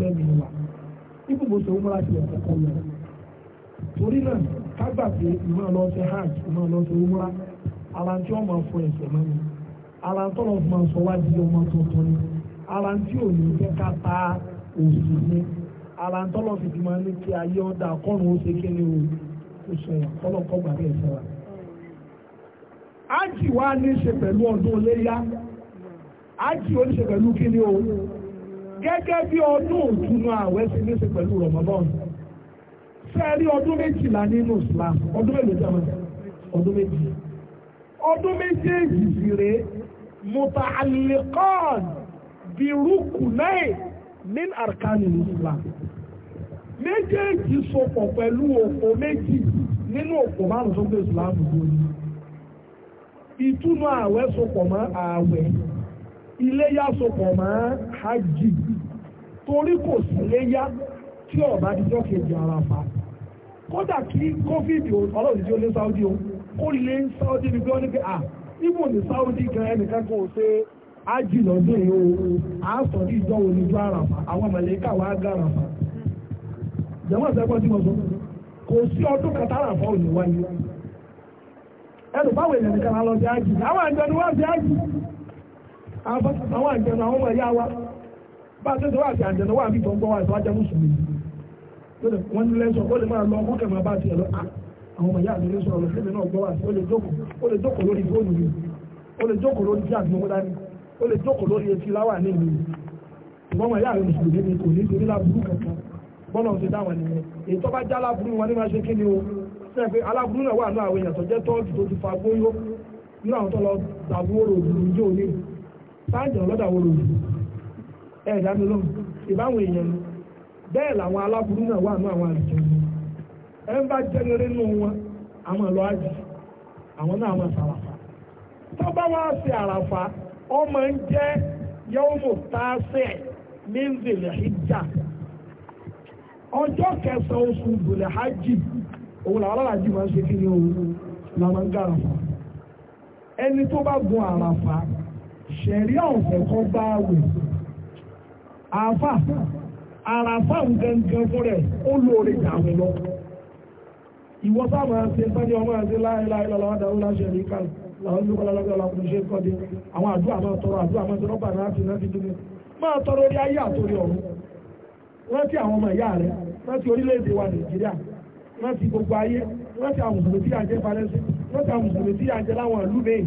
lẹ́nu wa nígbà mo sọ wọ́n láti ẹ̀kọ́ kọ́ lọ. torí náà kágbà pé ìmọ̀ lọ sí hajj ìmọ̀ lọ sí fún aṣọ wá di ọmọ tuntun ni ara tí jẹ́ ká ta òsì ni ara tó lọ́ máa ní kí ayé ọ̀dà ó ṣe o kò kọ́lọ́kọ́ gbàgbé wa. wa ní ájì oníṣe pẹ̀lú kí ni o gẹ́gẹ́ bí ọdún òtúnú àwẹ̀ ṣe ní ṣe pẹ̀lú Ramadan sẹ́ẹ̀rí ọdún méjìlá nínú Islam ọdún mélòó jẹ́mọ́ ọdún méjì ọdún méjèèjì sì rèé mutaalliqan bi rukunai min arkani Islam méjèèjì sopọ̀ pẹ̀lú òpó méjì nínú òpó márùn-ún tó Islam gbòòrò ìtúnu àwẹ̀ sopọ̀ mọ́ àwẹ̀ Ile sopọ̀ mọ́ hajj torí kò sí léyá tí ọba díjọ́ kejì àràfà kódà kí covid ọlọ́run tí ó lé Saudi o ó lé Saudi ní bí wọ́n ní pé à ibò ní Saudi gan o à sọ ní ìjọ oníjú àràfà àwọn mọ̀lẹ́kà wàá gá àràfà jẹ́wọ́n ìṣẹ́gbọ́n tí mo sọ kò sí ọdún kẹta àràfà ò ní wáyé ẹnu báwo èèyàn nìkan lọ sí hajj àwọn àjọ ni wọ́n sí hajj àwọn àjẹnà àwọn ọmọ ẹ̀yà wa bá a tẹ́tọ́ wà sí àjẹnà wà bí tó ń gbọ́ wà sí wájá mùsùlùmí wọ́n ní lẹ́sọ̀ ó lè máa lọ ọkọ̀ kẹ̀mọ́ bá tiẹ̀ lọ ah, àwọn ọmọ ẹ̀yà mi lẹ́sọ̀ ọ̀rọ̀ fẹ́mi náà gbọ́ wà sí ó lè jókòó lórí fóònù mi ó lè jókòó lórí tí àgbọ̀n wọn dání ó lè jókòó lórí etí láwà ní ìlú ìwọ́n ọmọ ẹ̀yà mi mùsùlùmí mi kò ní torí láburú kankan bọ́lá ti dáwọn nìyẹn èyí tó bá já aláburú wọn ní máa ṣe kí ni o sẹ́ẹ̀ pé aláburú náà wà ní àwọn èèyàn tó jẹ́ tọ́ọ̀tù tó ti fa gbóyó nínú àwọn tó lọ dàbú òrò òdùnú ní òní sáàjọ̀ lọ́dà wo lòlù ẹ̀ dáni ìbáwọn èèyàn bẹ́ẹ̀ làwọn aláburú náà wà ní àwọn àlùjọ ẹ ń bá jẹ́rẹ́rẹ́ nù wọn àwọn lọ àjì àwọn náà wọn sàràfà tó bá wá sí àràfà ọmọ ń jẹ́ yẹ́wọ́mọ̀ tààsẹ̀ mẹ́ńdẹ̀lẹ̀ ìjà ọjọ́ kẹsàn-án oṣù hajj òun làwọn alájì máa ń ṣe kí ni òun làwọn ń gàràfà ẹni tó bá gun àràfà ṣẹ̀rí ọ̀fẹ́ kọ́ bá wẹ̀ àfà àràfà gangan fún rẹ̀ ó lóore dàmú lọ ìwọ sábà ṣe sani ọmọ àti láìláì lọ́la wà dáwọ́ láṣẹ rí kan làwọn olùkọ́ lọ́lọ́gbẹ́ ọlọ́kùnrin ṣe ń kọ́dé àwọn àdúrà máa tọrọ àdúrà máa tọrọ bàrà láti náà ti dúró máa tọrọ orí ayé àtòrí ọ̀run rántí àwọn ọmọ ìyá rẹ rántí orílẹ̀-èdè wa Nàìjíríà rántí gbogbo ayé rántí àwọn mùsùlùmí tí yà ń jẹ falẹ́sì rántí àwọn mùsùlùmí tí yà ń jẹ láwọn ìlú mẹ́yìn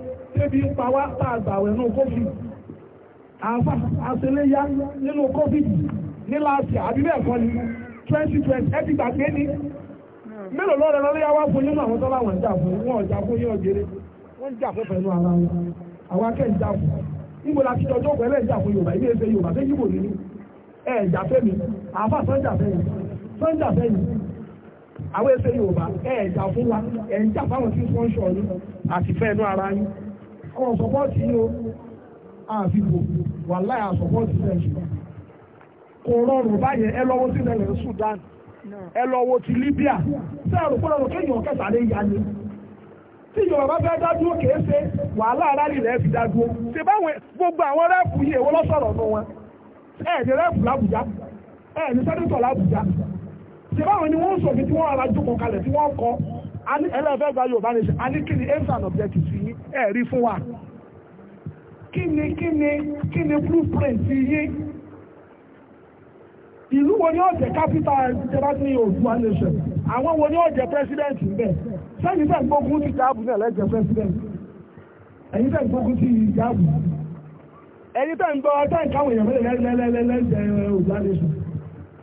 débi pa wá tá a gbà wẹ̀ nínú covid àfa nínú covid ní láti àbí bẹ́ẹ̀ ni twenty twenty ẹ ti gbàgbé mélòó lọ́rẹ̀ lọ́lẹ́yà wá fún nínú àwọn tọ́lá wọn jà fún wọn ọ̀jà fún yín ọ̀gẹ̀rẹ̀ wọ́n jà fún pẹ̀lú ara wọn àwọn akẹ́yìn jà fún níbo la ti jọjọ́ pẹ̀lú ẹ̀jà fún Yorùbá ilé ẹsẹ̀ Yorùbá fẹ́ yíbo nínú ẹ̀ jà fẹ́mi àbá sọ́jà fẹ́yìn sọ́jà fẹ́yìn àwọn ẹsẹ̀ Yorùbá ẹ̀ jà fún wa ẹ̀ ń jà fáwọn tí wọ́n ń ṣọ yín àti fẹ́ ara yín ọ̀rọ̀ sọ́pọ́ọ̀tì yìí o àfikò wà láyà sọ́pọ́ọ̀tì rẹ̀ ṣùgbọ́n kò rọrùn báyẹn ẹ lọ́wọ́ sí ilẹ̀ Sudan ẹ lọ́wọ́ ti Libya sí àrùkúrọ̀rùn kéèyàn kẹta lè yá ni tí Yorùbá fẹ́ dájú ó kèé ṣe wàhálà ara nílẹ̀ fi dájú ó ṣe báwọn e, gbogbo àwọn rẹ́ẹ̀pù yìí èwo lọ́sọ̀rọ̀ nù wọn ẹ̀ẹ̀dẹ̀ rẹ́ẹ̀pù l'Àbújá ẹ̀ẹ̀dẹ̀ sẹ́dẹ̀tọ̀ l'Àbújá ṣe báwọn ni wọ́n sọ̀bí tí wọ́n ara jókòó kalẹ̀ tí wọ́n kọ́ ẹlẹ́fẹ́ gba Yorùbá nation a ní kí ni aims and objectives yìí ẹ̀rí fún wa kíni kíni kíni blueprint yí ìlú wo ni ó jẹ́ capital ìjọba ní Oòduà nation àwọn wo ni ó jẹ́ president bẹ̀ sẹ́yìn fẹ́ gbógun ti jáàbù náà lẹ́jẹ̀ president ẹ̀yìn fẹ́ gbógun ti jáàbù ẹni tẹ́ ń gbọ́ ọtẹ́ ìkáwọn èèyàn mẹ́lẹ̀ lẹ́lẹ́lẹ́lẹ́jẹ̀ Oòduà nation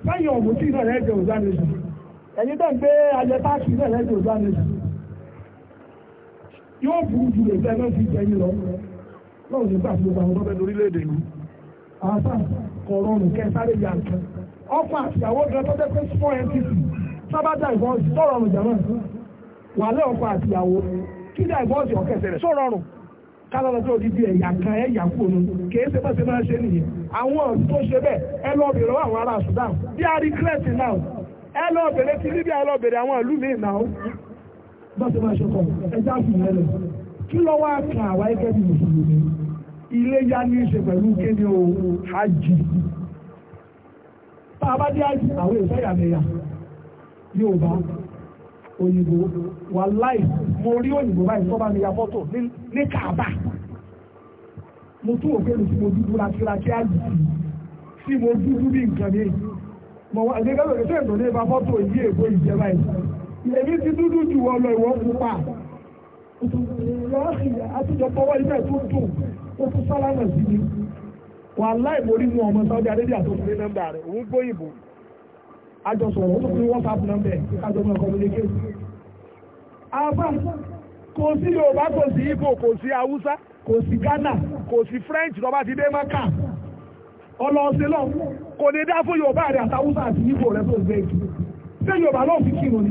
sẹ́yìn ọ̀gbọ̀n tí náà lẹ́jẹ̀ Oòduà nation ẹ̀yìn tẹ́ ń gbé ajẹ́ táàkì náà lẹ́jẹ̀ Oòduà nation yóò burú jù lè fẹ́ náà fi jẹyìn lọ náà ní gbà tí ó gbàgbọ́ bẹ́ẹ̀ lórílẹ̀‐èdè yìí àbá kọ̀ọ̀rọ̀ nù kẹ́ sáré yà ń kẹ́ ọkọ àtìyàwó gan tó jẹ́ pé small entity sábàdà ìfọ̀nsì tó rọrùn jàmọ́ wàlẹ́ ọkọ àtìyàwó kí ní àìfọ̀nsì ọ̀kẹ́sẹ̀ rẹ̀ sọ̀rọ̀rùn kálọ́lọ́ tó di bí ẹ̀yà kan ẹ̀yà kúrò kìí ṣe bá ṣe máa ṣe nìyẹn àwọn tó ṣe bẹ́ẹ̀ ẹ lọ bèrè wà àwọn ará Sudan bí a rí kírẹ́tì náà ẹ lọ bèrè ti Libya ẹ lọ bèrè àwọn ìlú míì náà bọ́sẹ̀ máa ṣe kọ̀ ẹja sì yẹn lọ kí lọ wá kan àwa ẹgẹ́ bí mùsùlùmí ilé yá ní í ṣe pẹ̀lú kéde o hajj tá a bá dé hajj àwọn èso ẹ̀yàmẹ̀yà Yorùbá òyìnbó wàláì mo rí òyìnbó báyìí tó bá mi ya fọ́tò ní Kaaba mo tún òkè lù sí mo dúdú lákílákí hajj sí mo dúdú bí nǹkan mi mo wá ẹgbẹ́ lóde fẹ́ẹ̀ lóde bá fọ́tò yí èkó ìjẹba ìjẹba èmi ti dúdú jù wọ́n lọ ìwọ́n pupa lọ́ọ̀sì àtijọ́pọ̀wọ́ ilẹ̀ tó dùn ó tún sálámà sí ni wà láì mu ọmọ sáwọ́dí adédè àtọ́sílẹ̀ nọ́mbà rẹ̀ òun gbóyìnbó àjọsọ̀rọ̀ ó tún fi wọ́sáàpù nọ́mbà ẹ̀ kájọmọ́ kọ́mílẹ́kẹ́ àbá kò sí Yorùbá kò sí Ìgbò kò sí Haúsá kò sí Ghana kò sí French lọ́ba ti dé mọ́kà ọlọ́ọ̀sẹ̀ lọ kò ní dá fún Yorùbá rẹ̀ àtàwùsá àti Ìgbò rẹ̀ tó gbé ṣé Yorùbá náà fi kírun ni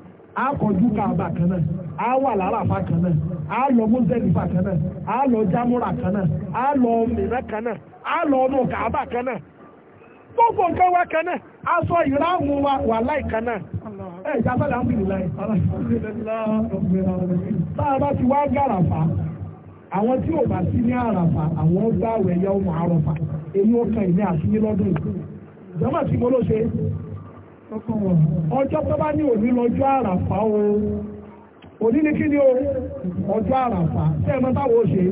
á kọjú káàbà kan náà á wà láràfà kan náà á lọ mọ́sẹ̀lìfà kan náà lọ jámúrà kan náà lọ mìíràn kan náà lọ ọmọ káàbà kan náà gbogbo nǹkan wa kan náà aṣọ wa wà láì kan náà ẹ ń bìrì láì. tá a bá ti wá gàràfà àwọn tí ò bá sí ní àràfà àwọn gbàwẹ̀ yẹ ọmọ àràfà èyí ó kan ìní àti ọjọ́ tó bá ní òní lọ́jọ́ àràfà o òní ní kí ni o ọjọ́ àràfà tẹ́ ẹ mọ́ táwọn ò ṣe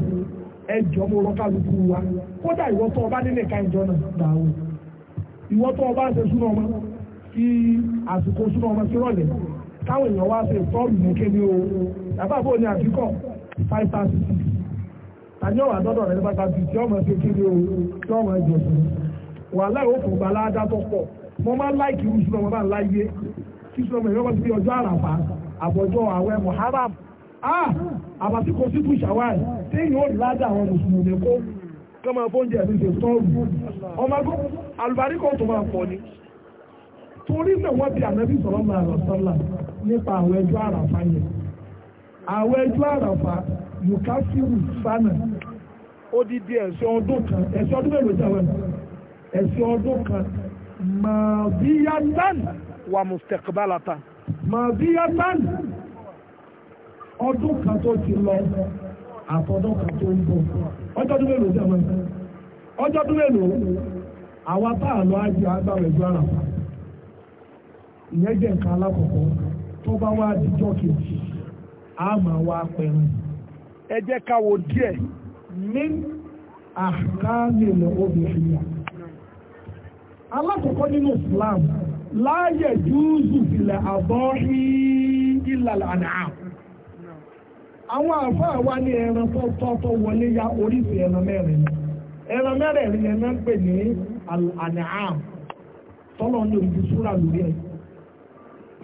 ẹjọ́ mo rọ́ kálukú wa kódà ìwọ tó ọba nílé ká ìjọ náà dàwó ìwọ tó ọba ṣe súná ọmọ kí àsìkò súná ọmọ sí rọ̀lẹ́ káwọn èèyàn wá ṣe tọ́ọ̀lù ní kéde o bàbá àbò ní àfikọ́ five thirty six tàbí ọ̀wà dọ́dọ̀ rẹ̀ nípa tàbí tí ọmọ ṣe kéde o tí ọmọ ẹjọ́ sí wàhálà ìwòkùn gbàlá adá tó pọ̀ mo máa ń láìkì irú súnà wọn náà láyé kí súnà mọ̀ ìrọ́bọ̀ sí ọjọ́ àràfà àbọ̀jọ́ àwẹ̀ muharram ah àbàtí kò sí tùṣàwá ẹ̀ téèyàn ò ládà àwọn mùsùlùmí kó kọ́ máa fóúnjẹ ẹ̀mí ṣe sọ́ọ̀rù ọmọ agbó alùbáríkọ̀ tó máa pọ̀ ni torí náà wọ́n bí ànábì sọ̀rọ̀ máa rọ̀ sọ́là nípa àwọn ẹjọ́ àràfà yẹn àwọn ẹjọ́ àràfà yùkáfíù sánà ó di di ẹ̀sìn ọdún kan ẹ̀sìn ọdún mélòó jẹ́ wẹ̀ ẹ̀sìn ọdún kan Ma wà mùsítẹ̀kìbálàtà màdíyàtàn ọdún kan tó ti lọ àtọ̀dún kan tó ń bọ, ọjọ́ tó mélòó jẹ́ wọn ọjọ́ tó mélòó àwa tá a lọ agbára ẹ̀jọ́ ara ìyẹn jẹ́ nǹkan alákọ̀ọ́kọ́ tó bá wá àdìjọ́ kejì á máa wá pẹ̀rẹ̀ ẹ jẹ́ ká wo alákọ̀ọ́kọ́ nínú Islam láàyè júùsù filẹ̀ àbọ́rí ìlàlẹ̀ àdáà àwọn àfáà wa ní ẹran tọ́tọ́ wọlé ya oríṣi ẹran mẹ́rin ẹran mẹ́rẹ̀ẹ̀rin yẹn náà ń pè ní àdáà tọ́lọ́ ní òyìnbó súra lórí ẹ̀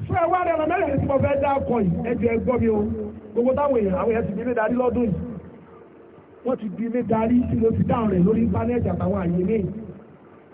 fún ẹwà rẹ̀ ẹran mẹ́rẹ̀ẹ̀rin tí mo fẹ́ dá ọkọ̀ yìí ẹjọ́ ẹ gbọ́ mi o gbogbo táwọn èèyàn àwọn èèyàn ti darí lọ́dún yìí wọ́n ti di mí darí tí mo ti dáhùn rẹ̀ lórí íńtánẹ́ẹ̀tì àtàwọn àyè mí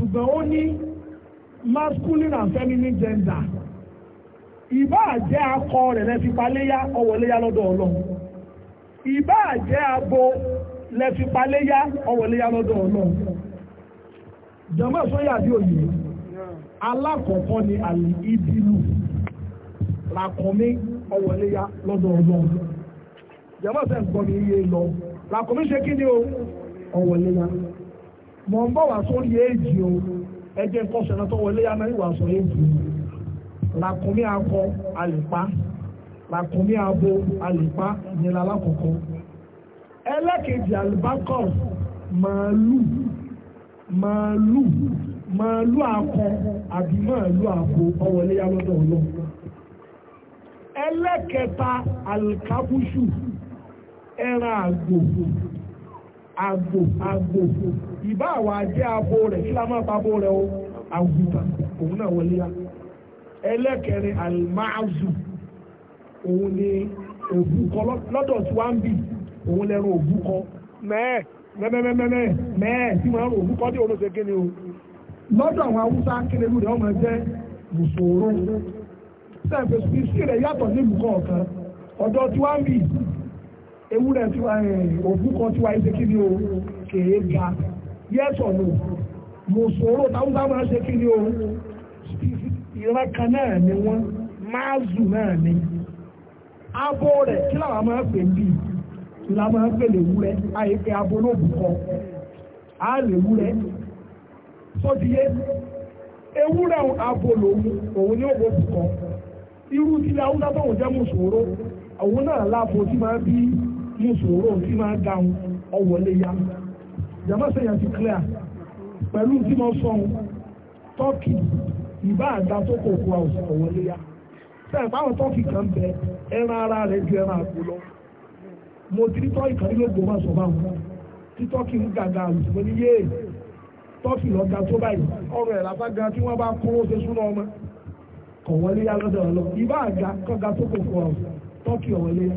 ṣùgbọ́n ó ní masculine and feminine gender ìbáà jẹ́ akọ rẹ̀ lẹ́fipá léyá ọwọ́ léyá lọ́dọ̀ ọlọ́run ìbáà jẹ́ abo lẹ́fipá léyá ọwọ́ léyá lọ́dọ̀ ọlọ́run jọmọ́ sóyà bí òye alákọ̀ọ́kọ́ ni àlè ìbílù làkọ̀mí ọwọ́ léyá lọ́dọ̀ ọlọ́run jọmọ́ sẹ́ ń gbọ́ mi iye lọ làkọ̀mí ṣe kí ni o ọwọ́ léyá lọ́dọ̀ ọlọ́run mọ̀ ń bọ̀ wá sórí èjì o ẹjẹ́ kọ́sọ̀nà tó wọlé yá mẹ́rin wà sọ èjì làkùnmí akọ àlèpá làkùnmí abo àlèpá ìnira lákòókò ẹlẹ́kejì àlùbákọ̀ màálù màálù màálù akọ àbí màálù abo ọwọlé yá lọ́dọ̀ ọlọ́ ẹlẹ́kẹta àlùkábùṣù ẹran àgbò Agbo agbo. ìbá àwọn ajé abo kí la máa o àgùntàn òun náà wọlé ya alimazu òun ni òbúkọ lọ́dọ̀ tí ń bì òun òbúkọ mẹẹ tí òbúkọ dé olóṣè kíni o àwọn kíni ọmọ mùsùlùmí ewúrẹ́ tiwa òfin kan tiwa ẹsẹ̀ kí ni o kèé ga yes or no mo sọ̀rọ̀ táwọn bá máa ṣe kí ni o ìran kan náà ni wọ́n máa zù náà ni abo rẹ̀ kí làwọn máa pè bí ìlà máa pè lè wúrẹ́ àyíké abo náà bù kọ́ á lè wúrẹ́ sọ́díyé ewúrẹ́ abo lòun òun ni ó bò bù kọ́ irú tí ilé haúsá tó ń jẹ́ mo sọ̀rọ̀ òun náà láàbò tí máa bí ní sòwòrò tí máa dáhùn ọwọ́lé yá jama sẹ́yìn ti clear pẹ̀lú tí mo sọ ohun tọ́kì ìbá àdá tó kò kó ọwọ́lé ya. sẹ́yìn báwọn tọ́kì kan bẹ ẹran ara rẹ̀ ju ẹran àgbo lọ mo ti rí tọ́kì kan nílò gbòmọ̀ sọ báwọn tí tọ́kì ń gàgà àlùfẹ́ ní yéè tọ́kì lọ́ga tó báyìí ọrọ̀ ẹ̀ lápá tí wọ́n bá kúrò ṣe súná ọmọ kọ̀wọ́lé yá lọ́dọ̀ ọ̀lọ́ ìbá àga kọ́ga tó kò kó ọ̀ tọ́kì ọ̀wọ́lé yá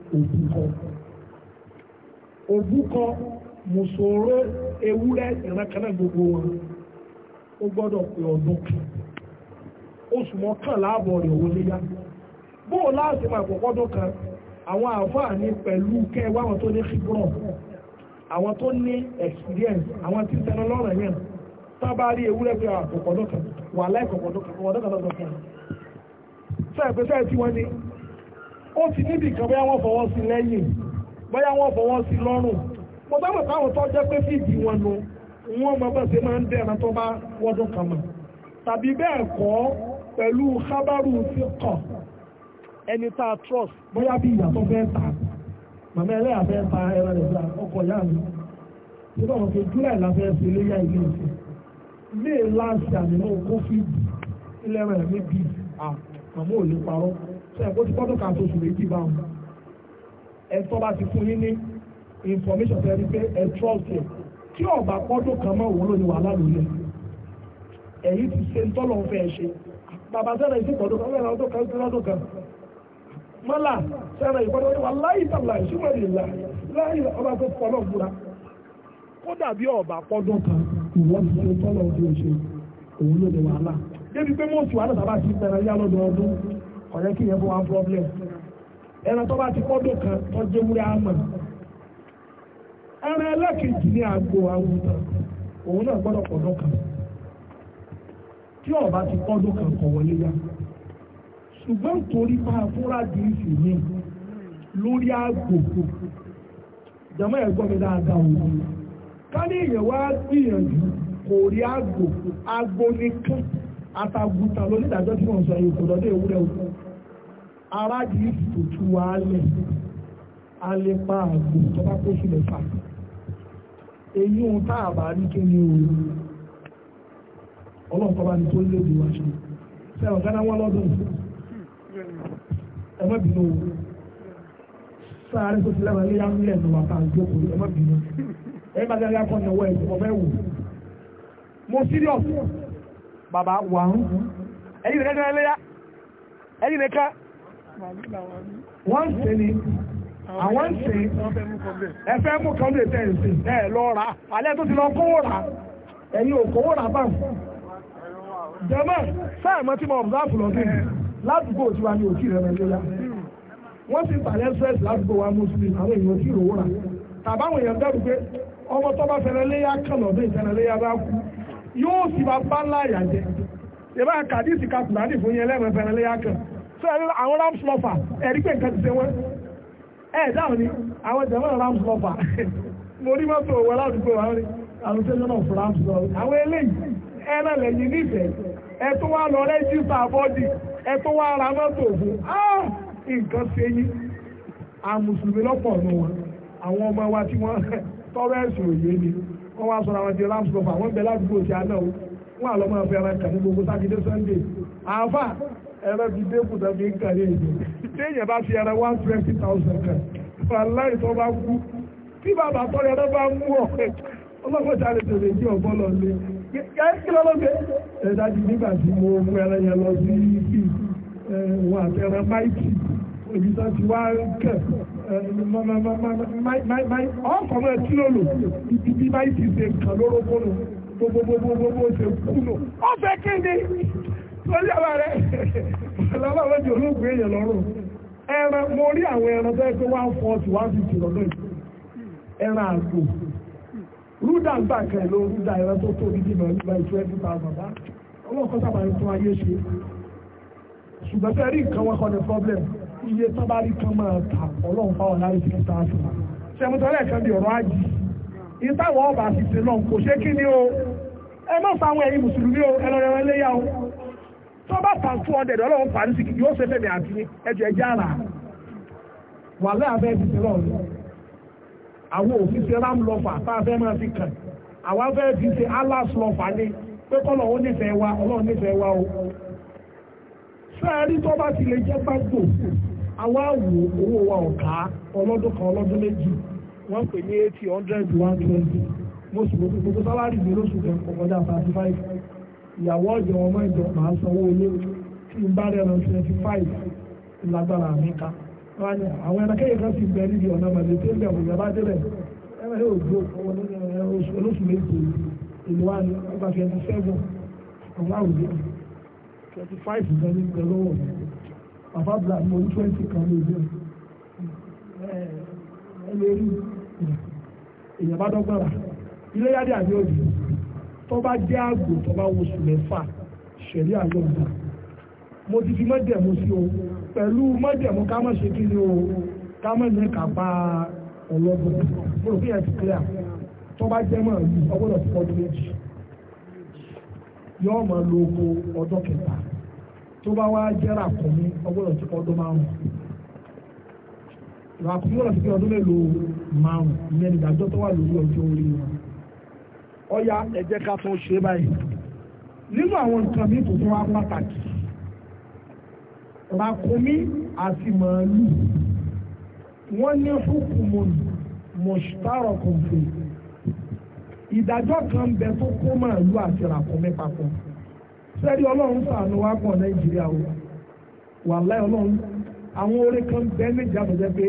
òbúkọ òbúkọ mùsòrò ewúrẹ́ ìrànkaná gbogbo wọn ó gbọ́dọ̀ pé ọdún kan oṣù mọ́kànlá àbọ̀ rẹ̀ owó léyá bóò láti máa pọ̀ pọ́dún kan àwọn àáfàá ní pẹ̀lú kẹwàá àwọn tó ní fíbrọ̀ àwọn tó ní experience àwọn tí tẹnu lọ́rọ̀ yẹn tábà rí ewúrẹ́ pé àpòpọ̀dún kan wà láìpọ̀pọ̀dún kan ọ̀dọ́ kan lọ́dún kan sẹ́ẹ̀pẹ́sẹ́ tí wọ́n ní ó ti níbi kan bóyá wọ́n fọwọ́ sí lẹ́yìn bóyá wọ́n fọwọ́ sí lọ́rùn mo bá mọ̀ táwọn tó jẹ́ pé fìdí wọn nu wọ́n mọ bá ṣe máa ń dẹ̀ran tó bá wọ́dún kan mọ̀ tàbí bẹ́ẹ̀ kọ́ pẹ̀lú kábàrù ti kọ̀ ẹni tá a trust bóyá bí ìyá tó fẹ́ ta màmá ẹlẹ́yà fẹ́ ta ẹran rẹ̀ gba ọkọ̀ ìyá mi nígbà wọn fi júlẹ̀ la fẹ́ fi léyà ilé ìfẹ́ ilé ìlànà àmì náà kó fìdí ilẹ̀ rẹ̀ níbi àmọ́ ò lè parọ́ sẹ́yìn kó ti pọ́dún kan tó oṣù méjì bá wọn ẹ tó bá ti fún yín ní information tẹ́ ẹni pé ẹ trust ẹ tí ọba pọ́dún kan mọ́ òun ló ní wàhálà lórí ẹ ẹ̀yìn ti ṣe ń tọ́lọ̀ ń fẹ́ ẹ ṣe bàbá sẹ́rẹ̀ ìṣe pọ̀dún kan lẹ́yìn ọdún kan lọ́dún kan mọ́là sẹ́rẹ̀ ìpọ́dún kan wà láyé tàbí ìṣúwẹ̀ nìlá láyé ọba tó pọ̀ náà fúra ó dàbí ọba pọ́dún kan ìwọ́n ti ṣe tọ́lọ̀ ń fẹ́ ṣe òun ló ní wàhálà débi pé mọ́ọ̀tù wàhálà tàbá ti pẹ̀rẹ̀ yá lọ́dọọdún ọ̀rẹ́ kí yẹn fún wa problem ẹran tó bá ti kọ́dọ̀ kan tó jẹ́ múlẹ̀ àmọ́ ẹran ẹlẹ́kejì ní àgbo àwùjọ òun náà gbọ́dọ̀ kọ́dọ̀ kan tí ọba ti kọ́dọ̀ kan kọ̀ wọlé yá ṣùgbọ́n torí bá a fúnra di ìfì mi lórí àgbò jàmọ́ ẹ̀gbọ́n mi dáadáa òun ká ní ìyẹ̀wò á gbìyànjú kò rí àgbò àgbò nìkan atagutan lónídàájọ́ tí wọ́n sọ yìí kò lọ́dọ̀ ewúrẹ́ òkú ara yìí tòtú wa lẹ̀ alẹ́ pa àgbò tó bá kó sílẹ̀ fà èyí ohun tá a bá rí kí ni o ọlọ́run tó bá ní tó lé ìlú wa ṣe sẹ́wọ̀n gánà wọn lọ́dún ẹ má bínú o sáré tó ti lẹ́wọ̀n léyà ńlẹ̀ ní wàtá àjókòó ẹ má bínú ẹ má gánà akọ́ni ọwọ́ ẹ̀ ọ̀bẹ wò mo serious bàbá wàhún ẹ̀yìn nìkan tó ẹlẹ́yà ẹ̀yìn nìkan wọ́n ń ṣe ni àwọn ń ṣe ẹ̀fẹ́ mú kan lè tẹ̀ sí ẹ̀ lọ rà alẹ́ tó ti lọ kówó rà ẹ̀yìn òkówó rà bá jẹ́mọ́ sáàmọ́ tí mo ọ̀bùdáàfù lọ́dún ládùúgbò tí wà ní òkì rẹ̀ nàìjíríà wọ́n sì tàlẹ́ stress ládùúgbò wa muslim àwọn èèyàn tí ìrò wúrà tàbáwọn èèyàn dẹ́rù pé ọmọ tó bá fẹ́rẹ́ léyà kànlọ́dún ìfẹ́rẹ́ léyà bá kú yóò sì bá bá láàyà jẹ ìbá kàdísì ka kùránì fún yẹn lẹ́mọ̀ ẹ̀fẹ̀rẹ̀ léyà kan so àwọn rams lọ́fà ẹ̀rí pé nǹkan ti ṣe wọ́n ẹ̀ dáhùn ni àwọn jẹ̀mọ́ rams lọ́fà mo rí mọ́tò owó aládùúgbò àwọn ni àwọn tẹ́lẹ̀ náà fún rams lọ́wọ́ àwọn eléyìí ẹ̀rọ lẹ́yìn nífẹ̀ẹ́ ẹ tó wá lọ rẹ́jísà bọ́dì wa tí wọ́n tọ́rọ ẹ̀sùn wọ́n wá sọ̀rọ̀ àwọn ti rams gọ́fà wọ́n bẹ ládùúgbò ti àná o wọ́n àlọ́ máa fẹ́ ara kàn ní gbogbo sátidé sunday àáfà ẹ̀rọ ti dé kùtà fi ń kàrí èdè téèyàn bá fi ẹ̀rọ one twenty thousand kan fàlàyé tó bá kú tí bàbá tọ́lé ẹ̀rọ bá mú ọ ọlọ́pàá ti àlejò lè jí ọ̀gbọ́n lọ lé kí lọ́lọ́gbẹ́ ẹ̀dá ọkọ̀ mọ́ ẹtí lòlò ibi bí báyìí ti ṣe nǹkan lóró fóònù gbogbogbogbogbò ṣe kúnnù ó fẹ́ kí ni lórí ọba rẹ̀ ọlọ́wọ́ lójú olóògbé èèyàn lọ́rùn ẹran mo rí àwọn ẹran tó yẹ pé one forty one fifty lọ́dọ̀ yìí ẹran àgbò rúdà ń gbà kan ló rúdà ẹran tó tóbi dìbò nígbà twenty thousand bá ọlọ́kọ́ sábà ń tún ayé ṣe ṣùgbọ́n fẹ́ rí nǹkan wọn kọ́ ni problem iye tó bá rí kan máa tà ọlọ́run fáwọn láì sí kíta àti ṣẹmútọ́lẹ̀ kan bí ọ̀rọ̀ ajì ìtàwọn ọba sì ṣe lọ kò ṣe kí ni o ẹ má fa àwọn mùsùlùmí o ẹ wọn léyà o tó bá tà two hundred ọlọ́run parí sí yóò ṣe fẹ́mi àti ẹjọ́ ẹjẹ́ àrà wà láàbẹ̀ ti ṣe lọ àwọn òfìsẹ́ a fẹ́ máa fi kàn ṣe alas lọ́fà ni pé kọ́lọ̀ tó bá ti lè jẹ́ gbàgbọ́ awa wò owó wa ọ̀ká ọlọ́dún kan ọlọ́dún méjì wọ́n pè ní eighty hundred one twenty mo sì gbogbo gbogbo sálárì mi lóṣù kan kọ̀kọ́dá thirty five ìyàwó ọ̀jọ̀ ọmọ ìjọ máa sanwó olé tí n bá rẹ̀ lọ twenty five lágbára mi ká àwọn ẹnìkéyìí kan sì bẹ níbi ọ̀nà màlẹ́ tó ń bẹ̀ wò yàrá débẹ̀ ẹ̀rọ yóò gbó olóṣù ìlú wa ní ọgbà twenty seven òde twenty bàbá bla mo ní twenty kan ní ìlú ẹ ẹ lè rí èèyàn bá dọ́gbọ́n rà ilé yáde àbí òbí tó bá jẹ́ àgbò tó bá wo sùn mẹ́fà ṣẹ̀rí àgbọ̀ǹda mo ti fi mọ́jẹ̀mú sí o pẹ̀lú mọ́jẹ̀mú ká mọ̀ ṣe kí ni o ká mọ̀ ní kápá ọlọ́gbọ̀n mo rò pé ẹ ti clear tó bá jẹ́ mọ̀ ọgbọ́dọ̀ ti pọ́dún méjì yọ ọmọ lo oko ọjọ́ kẹta tó bá wá jẹ́ra kọ̀ ní ọgbọ́dọ̀ tí ọdún márùn-ún ràkúnmí ọ̀rọ̀ sí ọdún mélòó márùn-ún ìyẹn ìdájọ́ tó wà lórí ọjọ́ orí wọn ọya ẹ jẹ́ ká tún ṣe báyìí nínú àwọn nǹkan mi tó fún wa pàtàkì ràkúnmí àti màálù wọ́n ní hukumun mushtarakun fi ìdájọ́ kan bẹ tó kó màálù àti ràkúnmí papọ̀. sẹ́rí ọlọ́run sàánú wá pọ̀ nàìjíríà o wà láì ọlọ́run àwọn orí kan bẹ́ẹ̀ méjì àtọ̀jẹ́ pé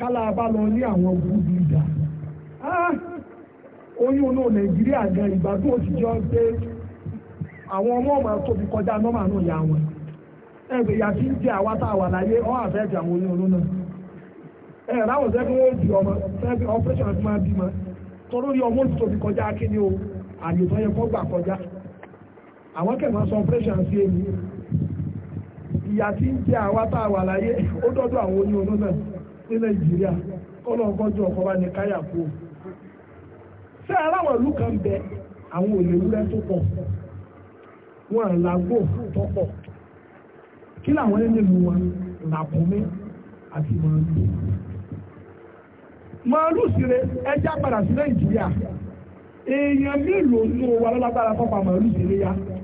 kálá bá lọ ní àwọn gúdú ìjà ah! oyún olóò nàìjíríà gan ìgbádùn òṣìṣẹ́ pé àwọn ọmọ ọmọ tóbi kọjá nọ́mà náà yà wọn tí ń àwa tá a wà láyé ọ́ àwọn oyún náà di ọmọ àti máa ọmọ òṣìṣẹ́ tóbi kọjá kí o àyè tó yẹ gbà àwọn kẹ̀mọ́ sọ pressure sí èmi ìyà tí ń jẹ àwa tá a wà láyé ó dọ́dọ̀ àwọn oní oní náà ní nàìjíríà kọ́nà ọgọ́jọ́ ọkọ̀ bá ní káyà kú. ṣé aláwọ̀ ìlú kan bẹ àwọn òlè wúrẹ́ tó pọ̀ wọn à lágbó tó pọ̀ kí làwọn ẹni lu wọn làkúnmí àti màálù. màálù síre ẹja padà sí nàìjíríà èèyàn mélòó ní owó alágbára tó màálù síre yá.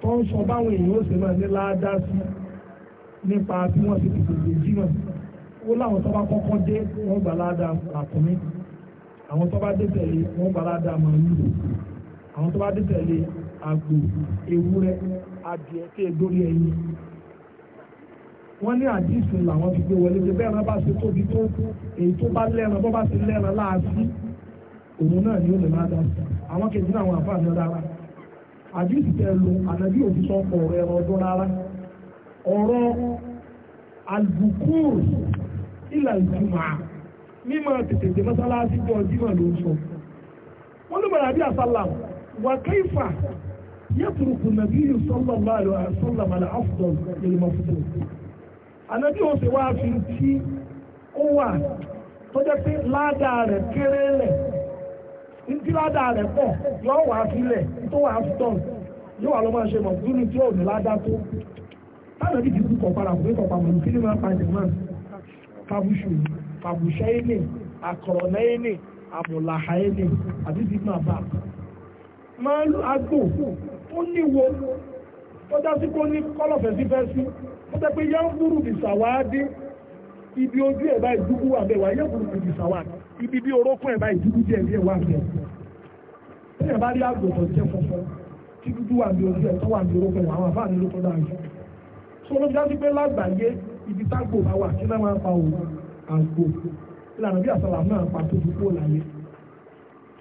tó ń sọ báwọn èèyàn ó sì máa ní láádá sí nípa bí wọ́n ti tètè lè jí náà ó láwọn tó bá kọ́kọ́ dé wọ́n gbà láádá àkùnmí àwọn tó bá dé tẹ̀lé wọ́n gbà láádá màálù àwọn tó bá dé tẹ̀lé àgbò ewúrẹ́ adìẹ tí e dórí ẹyin wọ́n ní àdìsù làwọn ti gbé wọlé pé bẹ́ẹ̀ náà bá ṣe tóbi tó èyí tó bá lẹ́ran bó bá ṣe lẹ́ran láàásì òun náà ni ó lè má dá sí àwọn kejì náà àwọn àfáà ní rárá. àdìsí tẹ lo ànábì ọdún rárá ọ̀rọ̀ albukur ilà ìjùmọ̀ mímọ tètè dé mọ́sálásí jọ jimá ló sọ wọ́n ló bẹ̀rẹ̀ àbí àsálà wà kẹ́fà yẹ́tùrùkù nàbí sọ́lọ́mà sọ́lọ́mà ntíládà rẹ̀ pọ̀ yóò wá sílẹ̀ tó wá stọ̀n yóò wá lọ máa ṣe mọ̀túnú tí ò ní ládá tó táwọn ibi kú kọ̀ padà pé kọ̀pá mọ̀ kí ni máa pa ìdìmọ̀ kàbùṣù kàbùṣẹ́ ẹni àkọ̀rọ̀lẹ́ ẹni àmọ̀làhà ẹni àbí ti máa bá máa lú agbó ó níwo tọ́já sí kó ní kọ́lọ̀fẹ́ sí fẹ́ sí ó jẹ́ pé yá ń búrú bìsàwádé ibi ojú ẹ̀ báyìí dúkú àbẹ̀wà yẹ́ búrú bìsàwádé ibi bí orókùn ẹ̀bá ìdúdú díẹ̀ ní ẹ̀wà rẹ̀ ẹ̀yẹ̀ bá rí àgbòtọ̀ jẹ́ fọ́fọ́ tí dúdú wà ní ojú ẹ̀tọ́ wà ní orókùn àwọn àbá nílò tó dáa jù tó ló já sí pé lágbàáyé ibi tágbò bá wà kí náà máa pa òun àgbò ìlànà bí àsàlà náà pa tó fi kúrò láyé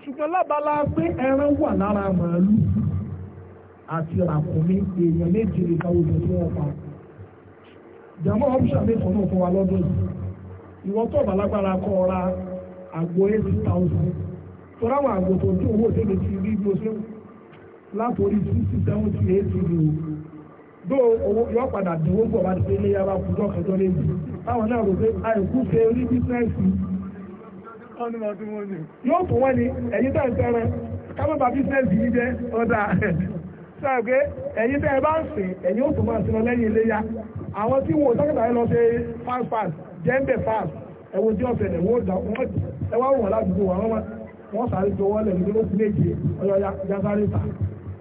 ṣùgbọ́n lábala pé ẹran wà lára màálù àti ràkùnmí èèyàn méje lè bá ojú tí wọ́n pa jàmọ́ ọ́fíṣà ìwọ́n tó ọ̀bà lágbára kọ́ ọ àgbo eighty thousand For tọ́láwọ̀ àgbo tó tí owó òṣèlú ti rí bí oṣèlú látòrí sixty seventy eighty ni o dó owó yọ padà dínwó bọ̀ bá ti pé ilé yàrá kú lọ́kẹ́jọ́ lébi táwọn náà rò pé àìkú ṣe orí bísínẹ́sì yóò fún wọn ni ẹ̀yin tẹ̀ ń tẹ̀rẹ̀ kábàbà bísínẹ́sì yìí jẹ́ ọ̀dà sọ pé ẹ̀yin tẹ́ ẹ bá ń sìn ẹ̀yin ó tún máa sinmi lẹ́yìn iléyà àwọn tí wọn ò sọ́kàtà yẹn lọ ṣe fast fast jẹ́ńbẹ̀ fast ẹ̀wọ̀n tí ọ̀sẹ̀ rẹ̀ wọ́n ẹ wá wọ̀n ládùúgbò àwọn ọmọ wọn sáré jọwọ́ lẹ̀ nígbà lókun méje ọyọ yasáré ta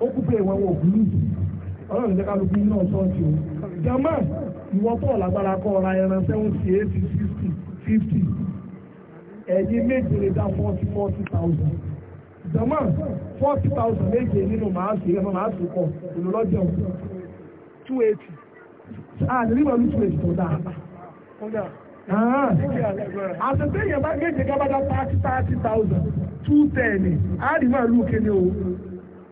ó kú pé ìwọ̀n wò búlù ọlọ́run ní kálukú náà sọ́ọ̀tì o jama ìwọ pọ̀ lágbára kọ́ ọ̀ra ẹran seven sí eighty sixty fifty ẹ̀yìn méje lè dá forty forty thousand jama forty thousand méje nínú màá sí ẹ̀fọ́ màá sí pọ̀ olùlọ́jọ́ two eighty ah nígbà lóṣù èjì tó dáa. Ah. àtẹ̀tẹ̀ yẹn bá méje gábàdá thirty thirty thousand two ten àárín màálù kéde o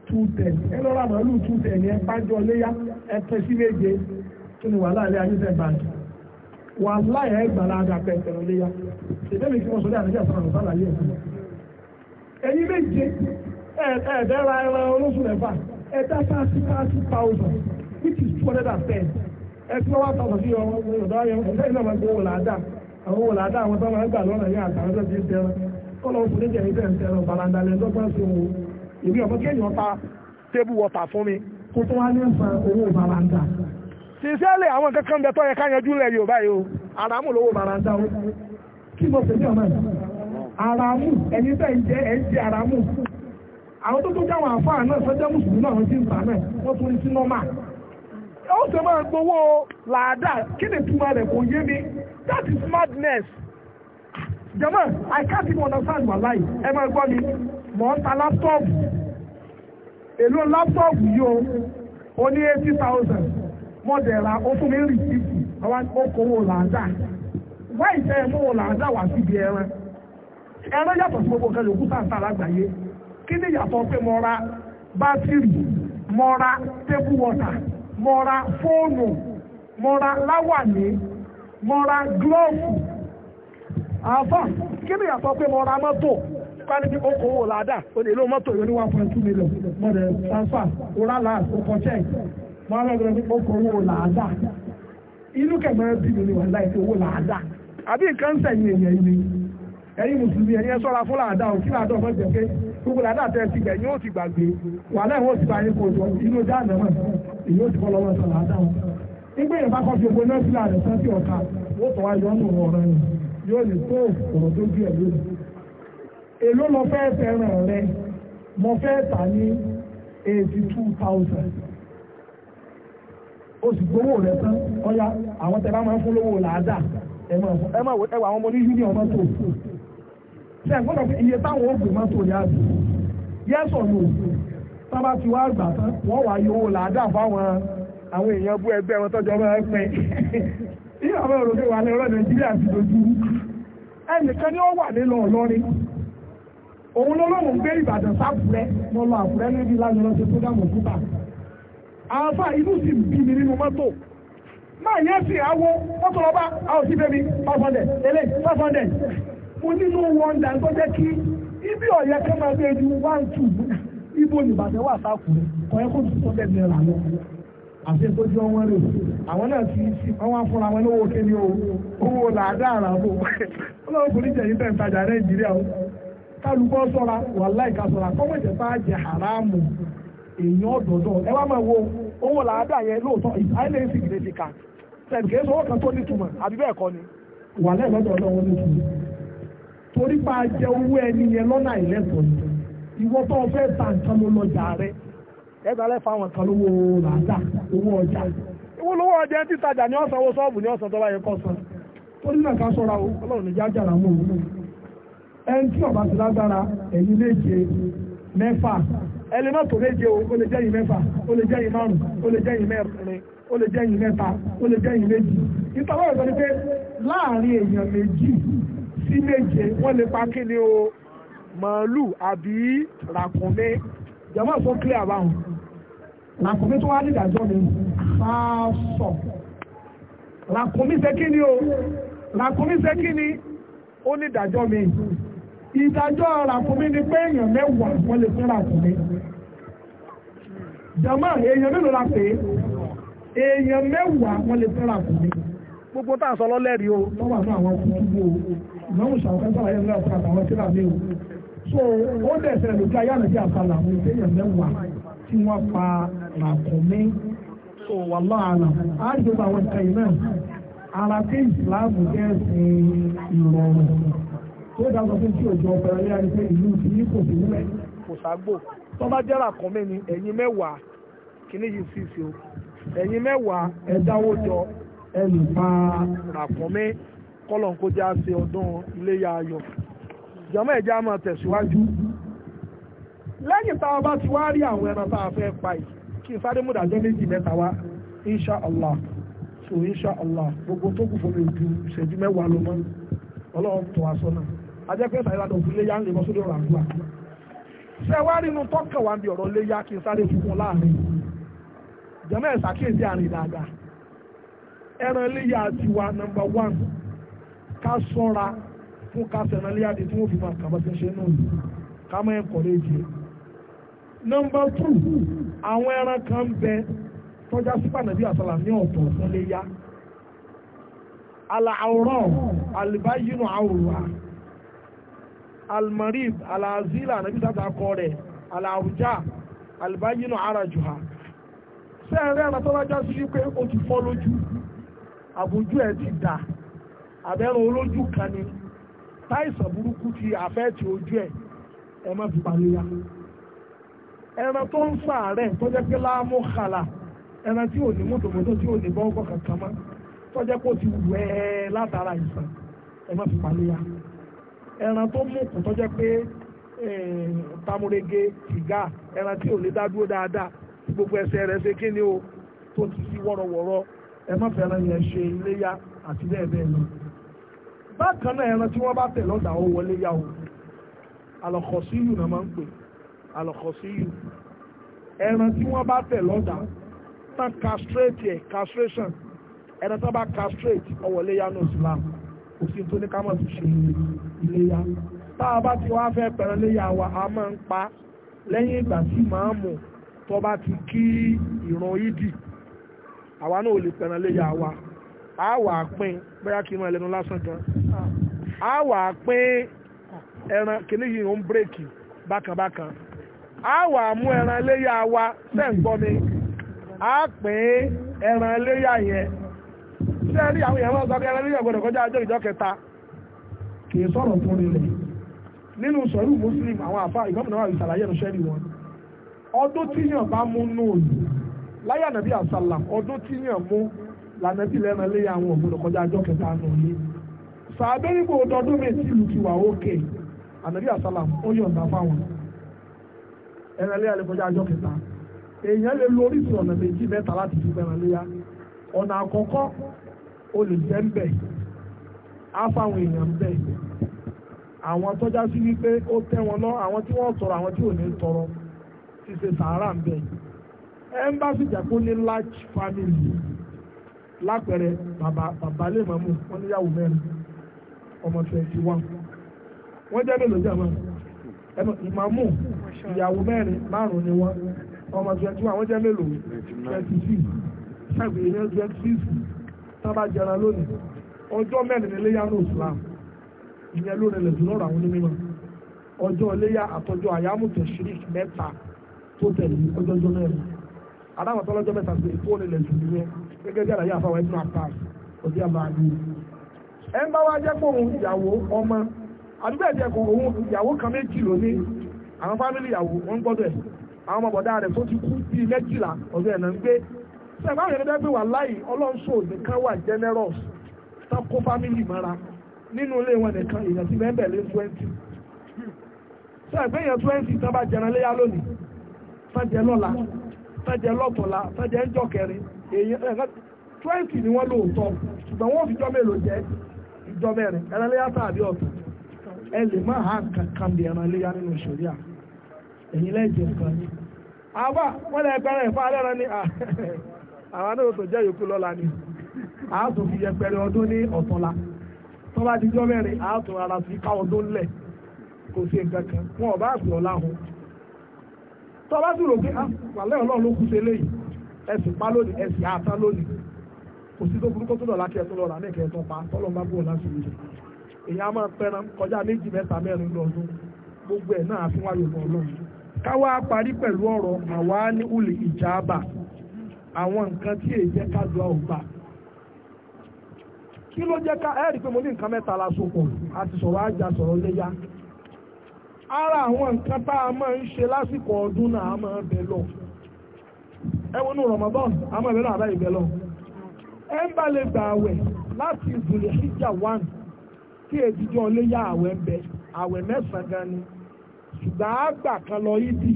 two ten ẹ lọ́ra màálù two ten yẹn bájọ léyà ẹ pẹ́ méje kí ni wàhálà ilé ayé tẹ̀ báyìí wàhálà yẹn gbàlagà pẹ̀tẹ̀rọ léyà ṣètẹ́mi kí wọ́n sọ ní àtẹ̀jẹ́ àtàrà lọ́sàlà yẹn fún mi. ẹ̀yin méje ẹ̀ẹ́dẹ́ra ẹran olóṣù rẹ̀ fà ẹ̀dá thirty thirty thousand which is two hundred and ten. ẹgbẹ́ wa tọ̀sọ̀ sí ọmọ ọ̀dọ́ ayọ̀ ẹgbẹ́ ìlànà ẹgbẹ́ wò láàdá àwọn wò láàdá àwọn tó máa ń gbà lọ́nà yẹn àtàwọn tó ti ń tẹran kó lọ fún níjẹ̀ ìfẹ́ ń tẹran balanda lẹ́ lọ́gbọ́n sí wo èmi ọ̀fọ́ kí èèyàn ta tébù wọ́tà fún mi kó tó wá ní ẹ̀fọn owó balanda. sísẹ́lẹ̀ àwọn kankan bẹ tó yẹ ká yanjú lẹ̀ Yorùbá yìí o àràmù lówó balanda o kí mo fẹ́ ní ọmọ yìí àràmù ẹni bẹ́ẹ̀ ń jẹ ẹ̀ ń jẹ àràmù àwọn tó tó jáwọn àfáà náà sọ́jà mùsùlùmí náà ti ń ta náà wọ́n tún ní sí nọ́mà ó sì máa gbowó làádà kí ni túmọ̀ rẹ̀ kò yé mi that is madness jama i can't even understand wàláì ẹ máa gbọ́ mi mò ń ta láptọ́ọ̀bù èlò láptọ́ọ̀bù yìí o ní eighty thousand mo dẹ̀ ra ó fún mi rìsíìtì àwọn okòwò làádà wáyé tẹ́ ẹ mọ́wọ́ làádà wá síbi ẹran ẹran yàtọ̀ sí gbogbo kan yòókù sáà sáà lágbàáyé kí ni yàtọ̀ pé mo ra bátìrì mo ra tébù wọ́tà mo ra fóònù mo láwàní mo ra kí ni yàtọ̀ pé mo mọ́tò kánibí okòwò làádà ó lè ló mọ́tò yóò ní 1.2 million mo rẹ̀ transfer oral last okò ní okòwò inú bí mi ni wà láì owó àbí nǹkan sẹ̀yìn èèyàn yìí ni mùsùlùmí gbogbo tẹ́ ti gbẹ̀yìn ó ti gbàgbé wà wọ́n ti bá kó jọ èyí ó ti kọ́ lọ́wọ́ sọ̀rọ̀ àdáwọn. nígbà yẹn bá kọ́ fi ògbóná sílẹ̀ rẹ̀ sẹ́ńtì ọ̀ka wọ́n tọ́ ayọ́ nù ọ̀rọ̀ yẹn yóò lè tó ọ̀rọ̀ tó bí ẹ̀ lónìí. èló lọ fẹ́ fẹ́ràn rẹ mo fẹ́ tà ní eighty two thousand oṣù gbowó rẹ tán ọ̀ya àwọn tẹ̀lé máa ń fún lówó làádà ẹ máa wọ ẹwà àwọn ọmọ ní union mọ́tò ṣe àgbọ̀dọ̀ iye táwọn ó gbé mọ́tò yá àbí yẹ́sọ̀ ni òṣèlú tábà ti wá gbà tán wọ́n wá yòówó làádà fáwọn àwọn èèyàn bú ẹgbẹ́ wọn tọ́jọ́ máa ń pẹ́ ìyá àwọn òròdé wà lẹ́rọ nàìjíríà ti dojú ẹnìkan ni ó wà nínú ọlọ́rin òun lọ́lọ́run gbé ìbàdàn sáfùrẹ́ wọn lọ àfùrẹ́ níbi lánàá ṣe tó dáàmú òkúta àáfà inú sì bí mi nínú mọ́tò máa yẹ sí àwọ mọ́tò lọ́ba àwọn sí bẹ́mi fáfọ́ndẹ̀ lélẹ̀ fáfọ́ndẹ̀ mo nínú wọn dà ń tọ́jẹ́ kí ibi ọ̀yẹ́ kẹ́ máa gbé ju one two ibo nìbàdàn wà sáàkù kọ ẹ kó tún tó bẹ́ẹ̀ bẹ́ẹ̀ lànà àti tó jẹ́ wọn rè àwọn náà ti sí afúnra wọn lówó kéde o owó làádá àràbò ọlọ́run kò ní jẹ́ yín bẹ́ẹ̀ tajà nàìjíríà o kálukọ́ sọ́ra wàláì ká sọ́ra kọ́mọ̀jẹ̀ bá jẹ haramu èèyàn ẹ wá máa wo owó làádá ń ká kan tó àbí ìwọ tó o fẹ́ ta nǹkan ló lọ́jà rẹ ẹgbẹ́ alẹ́ fáwọn kan lówó ràdà owó ọjà owó lówó ọjà ń tìtajà ní ọ̀sán owó ṣọ́ọ̀bù ní ọ̀sán tó bá yẹ kọ́ san tó nínú ẹ̀ka sọ́ra o ọlọ́run níjà jàrà mọ́ òun ẹni tí ọba ti lágbára ẹ̀yin méje mẹ́fà ẹni má tó méje o ó lè jẹ́ yìí mẹ́fà ó lè jẹ́ yìí márùn ó lè jẹ́ yìí mẹ́rin ó lè jẹ́ yìí mẹ́ta ó lè jẹ́ yìí méjì ìtàwọn ìsọ ni èèyàn méjì sí méje wọ́n lè pa kí o màálù àbí ràkúnmí jẹ́mọ́ tó clear báwọn ràkúnmí tó wá ní ìdájọ́ mi sáàsọ̀ ràkúnmí ṣe kí ni o ràkúnmí ṣe kí ni ó ní ìdájọ́ mi ìdájọ́ ràkúnmí ni pé èèyàn mẹ́wàá wọ́n lè fún ràkúnmí jẹ́mọ́ èèyàn mélòó la pè é èèyàn mẹ́wàá wọ́n lè fún ràkúnmí gbogbo tá à ń sọ lọ́lẹ́rìí o lọ́wọ́ àná àwọn ọkùnrin gbogbo o ìnáwó ṣàwọn fẹ́ sọ̀rọ̀ ayélujára àtàwọn tíra mi o so ó dẹ̀sẹ̀ lójú ayé àná tí a sàlà àwọn ìgbéyàn mẹ́wàá tí wọ́n pa màkùnmí so wà láàánà á rí gbogbo àwọn ìtàn yìí náà ara tí ìsìláàmù jẹ́ ẹ̀sìn ìrọ̀rùn tó dáa fún tí òjò ọ̀pẹ̀rẹ̀ lé àrí pé ìlú ti ní kò sí nílẹ̀. kò ságbó tó bá jẹ́ ràkúnmí ni ẹ̀yin mẹ́wàá kíní yìí sì sí o ẹ̀yin mẹ́wàá ẹ dáwó jọ ẹ lè pa ràkúnmí kọ́lọ̀ ń kó já sí ọdún iléyà ayọ̀ jọmọ́ ẹ̀jẹ̀ á máa tẹ̀síwájú lẹ́yìn táwọn bá ti wá rí àwọn ẹran tá a fẹ́ pa yìí kí n sáré múdàjọ́ méjì mẹ́ta wá insha allah so insha allah gbogbo tó kù fún mi ju ìṣẹ́jú mẹ́wàá lọ mọ́ ọlọ́run tó aṣọ náà ajẹ́pẹ́ sàyẹ́dá tó fún léyà ń lè lọ sórí ọ̀rọ̀ àdúrà ṣe wá rí inú tọ́kàn wá bí ọ̀rọ̀ léyà kí n sáré fún wọn láàrin jẹ́mọ́ one ká fún kásẹ̀ náà léyàdé tí wọ́n fi máa kàbọ̀ tí ń ṣe náà yìí ká mọ́ ẹ̀kọ́ léje. nọ́mbà tù àwọn ẹran kan bẹ tọ́já sípà nàbí ní ọ̀tọ̀ fún léyà. àlàáwòrán àlìbáyínú àwòrán almarib alazila nàbí sábà kọ rẹ̀ àlàáwùjá àlìbáyínú àràjùhà. sẹ́ẹ̀rẹ́ ẹran tọ́já sí wípé ó ti fọ́ lójú àbójú ẹ̀ ti dà àbẹ́rùn olójú kan ni táìsàn burúkú ti àfẹ́ẹ̀tì ojú ẹ̀ ẹ má fi parí ya ẹran tó ń sàárẹ̀ tó jẹ́ pé láàmú kàlà ẹran tí ò ní mọ́tòmọ́tò tí ò ní bọ́ọ̀kọ̀ kankan mọ́ tó pé ó ti wù ẹ́ látara ìsàn ẹ má fi parí ya ẹran tó mú kù tó jẹ́ pé tamurege tìgá ẹran tí ò lè dá dáadáa tí gbogbo ẹsẹ̀ rẹ̀ ṣe kí ni o tó ti sí wọ́rọ̀wọ́rọ̀ ẹ má fẹ́ràn yẹn ṣe iléyà àti bẹ́ẹ̀ bẹ́ẹ̀ lọ bákan náà ẹran tí wọ́n bá tẹ̀ lọ́dà ó wọlé yá o alọ̀kọ̀síyù náà máa ń pè alọ̀kọ̀síyù ẹran tí wọ́n bá tẹ̀ lọ́dà tán castrate ẹ̀ castration ẹran tó bá castrate ó wọlé yá ní Islam kò sí tó ní ká máa fi ṣe iléyá tá a bá ti wá fẹ́ pẹ̀rẹ̀ léyá wa a máa ń pa lẹ́yìn ìgbà tí màámù tó bá ti kí ìran yídì àwa náà ò lè pẹ̀rẹ̀ léyá wa. a wà pín kí lásán gan a wà pín ẹran kìíní yìí ń bírèkì a wà mú ẹran iléyà wa ṣe a pín ẹran iléyà yẹn ṣé ẹ àwọn èèyàn máa sọ pé ẹran iléyà gbọdọ̀ kọjá ọjọ́ ìjọ kẹta kì sọ̀rọ̀ fún nínú sọ̀rọ̀ muslim àwọn àfa ìgbọ́mìnà wà ìsàlàyé ẹ̀rọ lànàbí lẹ́ran lé àwọn òbúrò kọjá ajọ́ kẹta nù yé sàbẹ́rìbò ọdọọdún mi ti lù ti wà ókè ànàbí àsálàm ó yọ̀ǹda fáwọn ẹran lé kọjá ajọ́ kẹta èèyàn lè lo ọ̀nà méjì mẹ́ta láti fi léyà ọ̀nà àkọ́kọ́ ń bẹ̀ èèyàn ń bẹ̀ àwọn tọ́já sí wípé tọrọ àwọn tí tọrọ ti ṣe sàárà ń bẹ̀ ẹ ń bá sì lápẹẹrẹ bàbá bàbá lè mọ̀mú wọn níyàwó mẹ́rin ọmọ twenty one wọ́n jẹ́ mélòó jẹ́ mọ́ ìmọ̀mú ìyàwó mẹ́rin márùn ni wọ́n ọmọ twenty one wọ́n jẹ́ mélòó twenty six ṣàgbé ìyẹn twenty six tábà jẹran lónìí ọjọ́ mẹ́rin ní léyà ní Islam ìyẹn ló rẹlẹ̀ jù lọ́rọ̀ àwọn onímọ̀ ọjọ́ léyà àtọ́jọ́ àyámùtẹ̀ shirik mẹ́ta tó tẹ̀lé ọjọ́jọ́ mẹ́rin adáwọ̀tọ́lọ́jọ́ mẹ́ta sí ètò òrìlẹ̀ jù nìyẹn gẹ́gẹ́ bí àlàyé àfáwọn ẹ̀sùn àpáà òdí àbáàdì ẹ ń bá wá jẹ́ pé òun ìyàwó ọmọ àdúgbò ẹ̀jẹ̀ kò òun ìyàwó kan méjì lónìí àwọn fámìlì ìyàwó wọn gbọ́dọ̀ ẹ̀ àwọn ọmọ bọ̀dá rẹ̀ tó ti kú bí méjìlá ọ̀dọ̀ ẹ̀ náà ń gbé ṣe àbá yẹn dẹ́gbẹ́ wà láì ọlọ́nṣọ́ òní wà generous tán fámìlì mọ́ra nínú ilé wọn nìkan èèyàn ti mẹ́bẹ̀ lé twenty ṣe àgbẹ̀ èèyàn twenty tán bá jẹran léyà lónìí tán lọ́la tán lọ́tọ̀la tán ń jọ kẹrin èèyàn twenty ni wọ́n lóòótọ́ ṣùgbọ́n wọ́n fi jọ́ mélòó jẹ́ ìjọ mẹ́rin ẹlẹ́lẹ́yà tàbí ọ̀tún ẹ lè má hàn kankan bí ẹran iléyà nínú ìṣòrí à ẹ̀yìn lẹ́jẹ̀ kan ní. àbá wọn lè pẹrẹ ẹ̀fọ́ alẹ́ran ní àwọn náà tó jẹ́ yòókù lọ́la ni àátún fi yẹpẹrẹ ọdún ní ọ̀tọ̀la tó bá ti jọ mẹ́rin àátún ara fi ká ọdún lẹ̀ kò sí nǹkan kan wọn ò bá àgbẹ̀ ọ̀la hùn tó bá sì rò pé ah, wàlẹ́ ọlọ́run ló kú sí eléyìí ẹ̀sìn pa lónìí ẹ̀sìn àtá lónìí kò sí tó burúkú tó dọ̀la kí ẹ tó ní pa bò láti ìjọ èèyàn máa pẹran kọjá méjì mẹ́ta mẹ́rin lọ́dún gbogbo ẹ̀ náà àfihàn ayòmọ̀ ọlọ́run káwá parí pẹ̀lú ọ̀rọ̀ àwa ní ulì ìjàmbá àwọn nǹkan tí èyí jẹ́ ká lu ọgbà kí ló jẹ́ ká ẹ́rì pé mo ní nǹkan mẹ́ta la ara àwọn nǹkan tá a máa ń ṣe lásìkò ọdún náà a ẹwọ́nú Ramadan amọ̀bẹ̀rẹ̀ àbá ìbẹ̀lọ́ ẹ ń bá lè gbà àwẹ̀ láti ìzùlẹ̀ ṣíjà wán tí èjìjọ́ ọlé yá àwẹ̀ ń bẹ àwẹ̀ mẹ́sàn-án gan ni ṣùgbọ́n àgbà kan lọ ìdì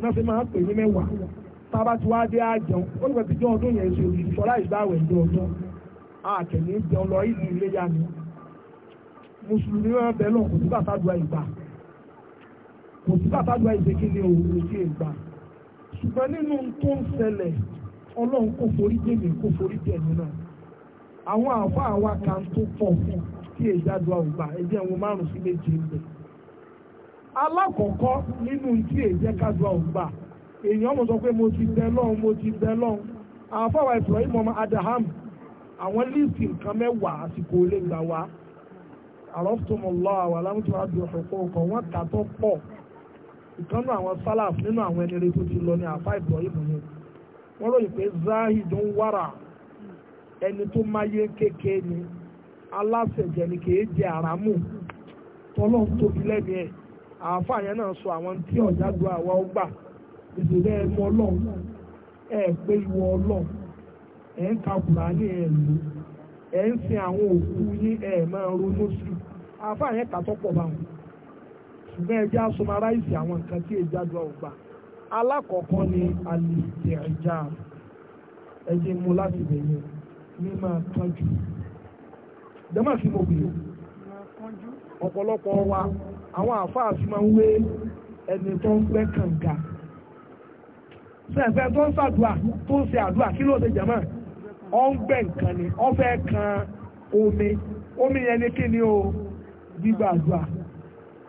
náà fi máa ń pè ní mẹ́wàá tába tí wàá dé àjẹun ó ní ọdún yẹn ṣe ìṣọ́lá ìgbà àwẹ̀ ìjọ ọdún àkẹ́lé jẹun lọ ìdì ilé yá ni mùsùlùmí wọn bẹ̀ lọ kò sí bàtà dùn àìgbà kò sí ṣùgbọ́n nínú tó ń ṣẹlẹ̀ ọlọ́run kò forí jèmi kò forí jèmi náà àwọn àbá àwa kan tó pọ̀ tí èjádùn àwùgbà ẹ̀jẹ̀ wọn márùn sí méje ń bẹ̀. alákọ̀ọ́kọ́ nínú tí èjẹ́ kádùn àwùgbà èèyàn mọ̀ sọ pé mo ti bẹ lọ́hùn mo ti bẹ lọ́hùn àfáwà Ibrahim ọmọ Adaham àwọn líìsì nǹkan mẹ́wàá àsìkò olè gbà wá àrọ́fùtùmọ̀lọ́ àwọn alámùtúwádìí ọ̀pọ̀ kan wọ́n kà tó pọ̀ ìkànnù àwọn salaf nínú àwọn ẹni rẹ tó ti lọ ní àfa Ibrahim yẹn wọ́n ròyìn pé ń wàrà ẹni tó yé ni aláṣẹjẹ ni kìí jẹ àràmù tọ́lọ́ tóbi lẹ́nu ẹ àáfà yẹn náà sọ àwọn tí ọ̀já gba àwa ka lò ń sin àwọn òkú yín máa ronú sí àáfà yẹn kà báwọn ṣùgbọ́n ẹ jẹ́ a àwọn nǹkan tí èjì àdúrà ò gbà ni àlìsẹ̀ ẹ̀já ẹ̀jẹ̀ mú láti bẹ̀yẹ ní máa sí mo bìí ọ̀pọ̀lọpọ̀ wa àwọn àfáà fi máa ń wé ẹni tó ń gbẹ́ kànga sẹ́ẹ̀fẹ́ tó ń ṣàdúà tó ń ṣe àdúà kí ló ṣe ọ ń gbẹ́ nǹkan ni ọ fẹ́ kan omi omi yẹn ni kí o gbígbà àdúà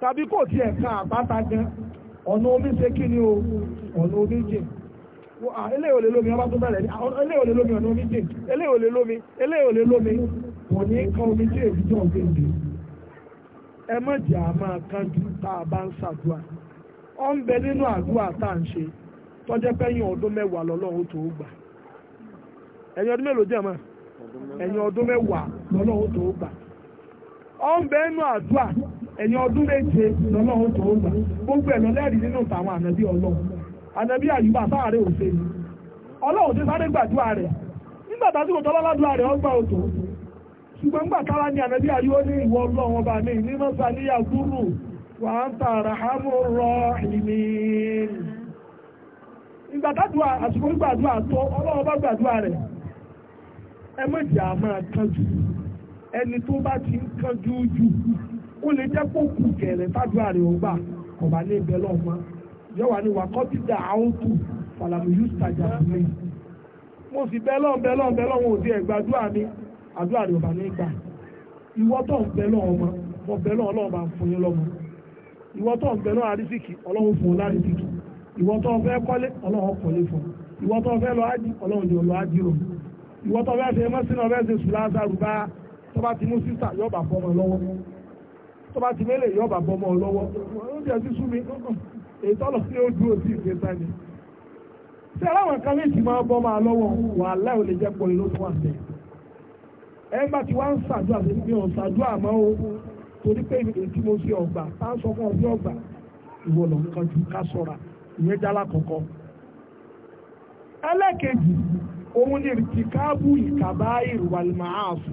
tàbí kò tí kan àpáta gan ọ̀nà omi ṣe ni o ọ̀nà omi jìn eléyìí ò tó bẹ̀rẹ̀ eléyìí ò lè omi jìn eléyìí ò kò ní kan omi tí èyí jọ má jẹ́ a máa bá ń ṣàdúrà ọ nínú àdúrà tá à ń ṣe ọdún mẹ́wàá lọ́lọ́run tó gbà ọ ń bẹ́ẹ̀ nú àdúrà ẹ̀yìn ọdún méje gbogbo ẹ̀ lọ́lẹ́rìí nínú tàwọn ànábì ọlọ́run ànábì àyùbá sáàárẹ̀ òṣèlú ọlọ́run ti sáré gbàdúrà rẹ̀ nígbà rẹ̀ ọgbà ṣùgbọ́n gbà ní ìwọ ọba mọ́sá ní wà ń ta rọ ìní ìgbà tádùá àsìkò gbàdúrà tó ọlọ́run bá gbàdúrà rẹ̀ ẹ ẹni tó bá ti ń kánjú jù ó lè jẹ́ kó kù kẹ̀rẹ̀ tájú àrè ògbà kò bá ní ibẹ̀ lọ́ọ̀ mọ́ yọ̀wá ni wàkọ́ ti dà áwọn tù fàlàmì yóò tajà sílẹ̀ mo sì bẹ́ lọ́ọ̀ bẹ́ lọ́ọ̀ bẹ́ lọ́ọ̀ òde ẹ̀gbà àdúrà mi àdúrà rẹ̀ ọ̀bà ní ìgbà ìwọ tó ń bẹ́ lọ́ọ̀ ọmọ mo bẹ́ lọ́ọ̀ ọlọ́ọ̀ bá ń fún yín lọ́mọ tó ń bẹ́ ọlọ́run fún lárísìkì tó fẹ́ kọ́lé ọlọ́run kọ́lé fún tó fẹ́ ọlọ́run rò tó fẹ́ mọ́sínà sùlá sàrùbá tó bá ti mú sísà yọ bà bọ́ ọmọ lọ́wọ́ tó bá ti mélè yọ bà bọ́ ọmọ lọ́wọ́ oúnjẹ ti sú mi èyí tọ́lọ̀ sí ó dúró sí ìgbésà ni tí aláwọn kan lè ti máa bọ́ máa lọ́wọ́ wàhálà ò lè jẹ́ pọ̀ ló fún àtẹ ẹ bá ti wá ń ṣàdúrà sí mi ò ṣàdúrà mọ́ o torí pé ètí mo ṣe ọgbà tá a sọ fún ọ bí ọgbà ìwọ lọ nǹkan ju ká sọra ìyẹn jálá kọ̀ọ̀kan ẹlẹ́kejì òun ni ìrìtìkáàbù ìkàbá ìrùwàlùmáàfù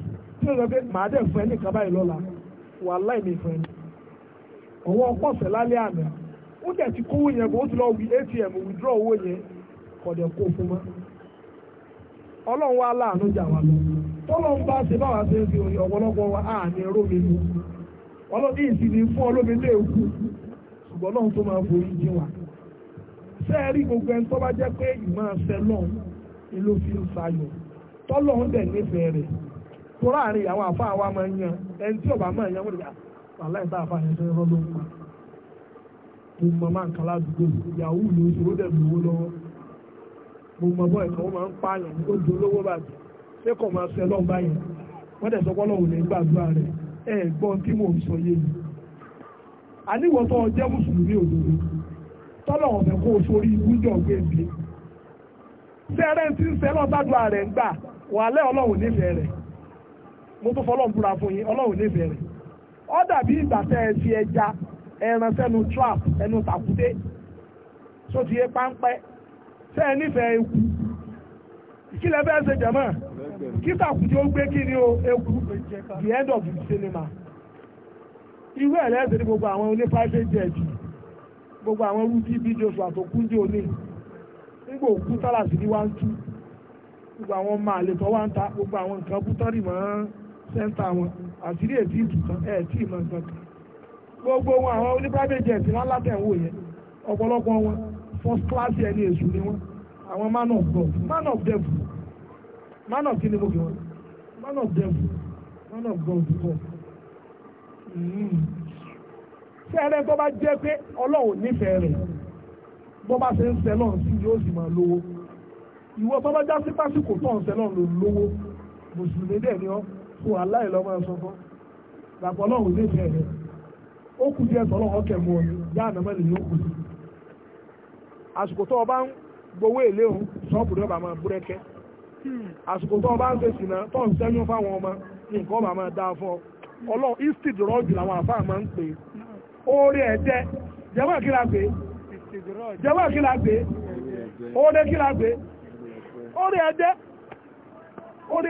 tí ó sọ pé màá dẹ̀ fún ẹ ní kaba yìí lọ́la wà láì mi fún ẹ lálẹ́ àná ó ti kówó yẹn bó ti lọ wí atm withdraw owó yẹn kọ̀dẹ̀ kó fún mọ́ ọlọ́run wa láàánú jà wá lọ tọ́lọ́ ń bá ṣe báwa ṣe ń fi ọ̀pọ̀lọpọ̀ wa lu ọlọ́dún fún ọlọ́mi ṣùgbọ́n náà tó máa forí jí wa fi ń sayọ̀ tọ́lọ́ ń tó láàrin ìyàwó àfa àwa máa ń yan ẹni tí ọba máa ń yan wọ́n lè ah, wà láì bá àfa yẹn fẹ́ rọ́lọ́ pa mo mọ máa ń kala àdúgbò ìyàwó ìlú ìṣòro dẹ̀ lówó lọ́wọ́ mo mọ bọ́ ẹ̀kọ́ máa ń pààyàn ó di olówó bàjẹ́ ṣé kò máa ṣe lọ́ọ̀ báyẹn wọ́n dẹ̀ sọ pọ́lọ́wọ́ lè gbàdúrà rẹ̀ ẹ̀ gbọ́n tí mò ń sọ yé mi. àníwọ̀tọ́ jẹ́ mùsùlùmí òdodo tọ́lọ̀ ọ̀fẹ́ kó o sórí wújọ gbèǹde sẹ́rẹ́ntì ń sẹ́lọ́ rẹ̀ ń gbà wàhálẹ́ ọlọ́run nífẹ̀ẹ́ rẹ̀ mo tó fọlọ́n búra fún yín ọlọ́run lè bẹ̀rẹ̀ ọ dàbí ìgbà tẹ́ ẹ fi ẹja ẹran sẹ́nu trap ẹnu tàkúté sóti yé páńpẹ́ tẹ́ ẹ nífẹ̀ẹ́ eku kí lẹ fẹ́ ṣe jẹ̀mọ́ kí tàkúté ó gbé kí ni o eku the end of the cinema irú ẹ̀ lẹ́sẹ̀ ní gbogbo àwọn oní private jet gbogbo àwọn rúbí videos àtòkúndé òní nígbà òkú tálàsì ní wá ń tú gbogbo àwọn ọmọ àlètọ́ wá ń ta gbogbo àwọn nǹkan bú tán rì mọ́ sẹ́ńtà wọn àṣírí ètí ìtùtàn ẹ̀ tí ì máa gbàgbà gbogbo wọn àwọn oní private jet ńlá tẹ̀wọ̀ yẹn ọ̀pọ̀lọpọ̀ wọn first class yẹn ní èṣù ni wọn àwọn man of God man of devil man of kini mo wọn man of devil man of God bọ̀ hmm. ṣé ẹ̀rẹ́ tó bá jẹ́ pé ọlọ́run nífẹ̀ẹ́ rẹ̀ bó bá ṣe ń sẹ́ lọ́n sí yóò sì máa lówó ìwọ tó bá já sí pásíkò tó ń sẹ́ lọ́n lò lówó mùsùlùmí dẹ̀ ni ọ́ fún aláìlọ́ máa sọ fún làpọ̀ ọlọ́run lè fẹ́ rẹ̀ ó kù díẹ̀ tọ́lọ́ ọkẹ̀ mọ́ ọ yá ànàmọ́ lè yóò kù sí. àsìkò tó o bá ń gbowó èlé òun sọ́ọ̀pù rẹ̀ bá máa búrẹ́kẹ́ àsìkò tó o bá ń ṣe sìnà tó ń sẹ́yún fáwọn ọmọ nǹkan máa fún ọ ọlọ́run làwọn máa ń pè é orí ẹ̀ orí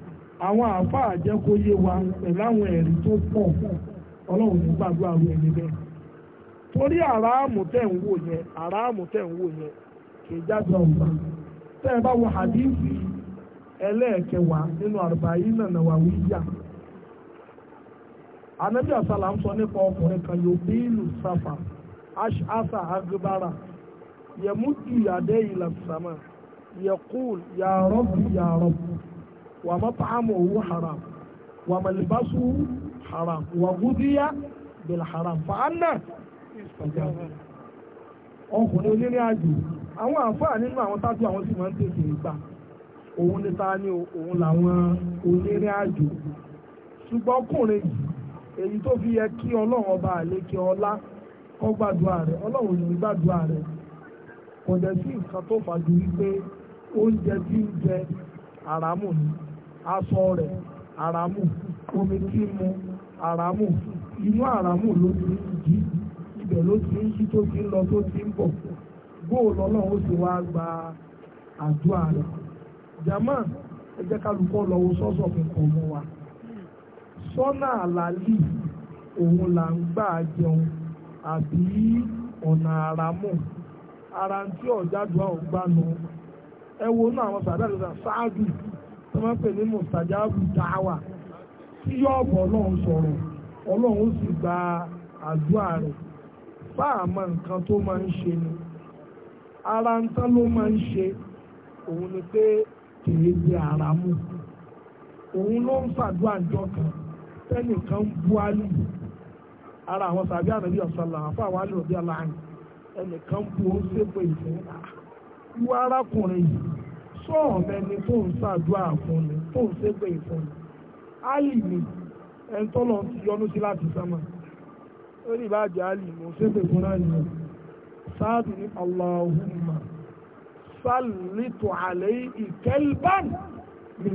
àwọn àáfàá jẹ́ wa pẹ̀lú àwọn ẹ̀rí tó pọ̀ ọlọ́run ní gbàdúrà àwọn ẹni bẹ́ẹ̀ torí àràámù tẹ̀ ń wò yẹn àràámù ń wò yẹn kì í jáde ọ̀gbà tẹ́ ẹ bá wo ẹlẹ́ẹ̀kẹwàá nínú nànà wà ń sọ nípa ọkùnrin kan yóò bí ìlú sáfà asa agbára yẹmú ju yàdé sàmà wà حرام وملبسه حرام malbasuhu بالحرام فأنا gúdíyà bil haram fàánà ìsọjà ọkùnrin onírìn àjò àwọn àǹfààní nínú àwọn tájú àwọn sì máa ń tètè gbà òun ní ta ni òun làwọn onírìn àjò ṣùgbọ́n ọkùnrin yìí èyí tó fi yẹ kí ọlọ́run ọba àlékè ọlá kọ́ gbàdúrà rẹ̀ ọlọ́run ní gbàdúrà rẹ̀ kò dẹ̀ sí nǹkan tó fàájú wípé oúnjẹ tí ń jẹ àràmù ni. aṣọ rẹ̀ aramu omi tí mu àràmù inú aramu ló ti ń jí ibẹ̀ ló ti ń yí tó ti ń lọ tó ti ń bọ̀ ó sì wá gba àdúrà rẹ̀ jama ẹ jẹ́ lọ wo sọ́sọ̀ wa àlàlì òun là ń gbà jẹun àbí ọ̀nà àràmù ara tí tó máa ń pè ní mustajabu da'wa tí yóò bọ̀ ọlọ́run sọ̀rọ̀ ọlọ́run ó sì gba àdúrà rẹ̀ bá àmọ́ nǹkan tó máa ń ṣe ni ara ń tán ló máa ń ṣe òun ni pé kìí di ara mú òun ló ń fàdúrà jọ kan tẹ́nìkan bú Àlì ara àwọn sàbí ànàbí ọ̀sánlá àfọ àwọn Àlì rọ̀bí aláàánì ẹnìkan bú ó ń ṣépè ìfẹ́ ìwọ ah, arákùnrin yìí sọ ọ̀mẹ́ni tó ń fún ni tó ń ṣépè fún ni áàlì ni ẹni tọ́lọ̀ ti yọnú sí láti sánmà ó ní ìbájẹ́ áàlì mo ṣépè fún náà nìyẹn sáàdù ní Allahumma sálítù àlẹ́ ìkẹ́lbán ní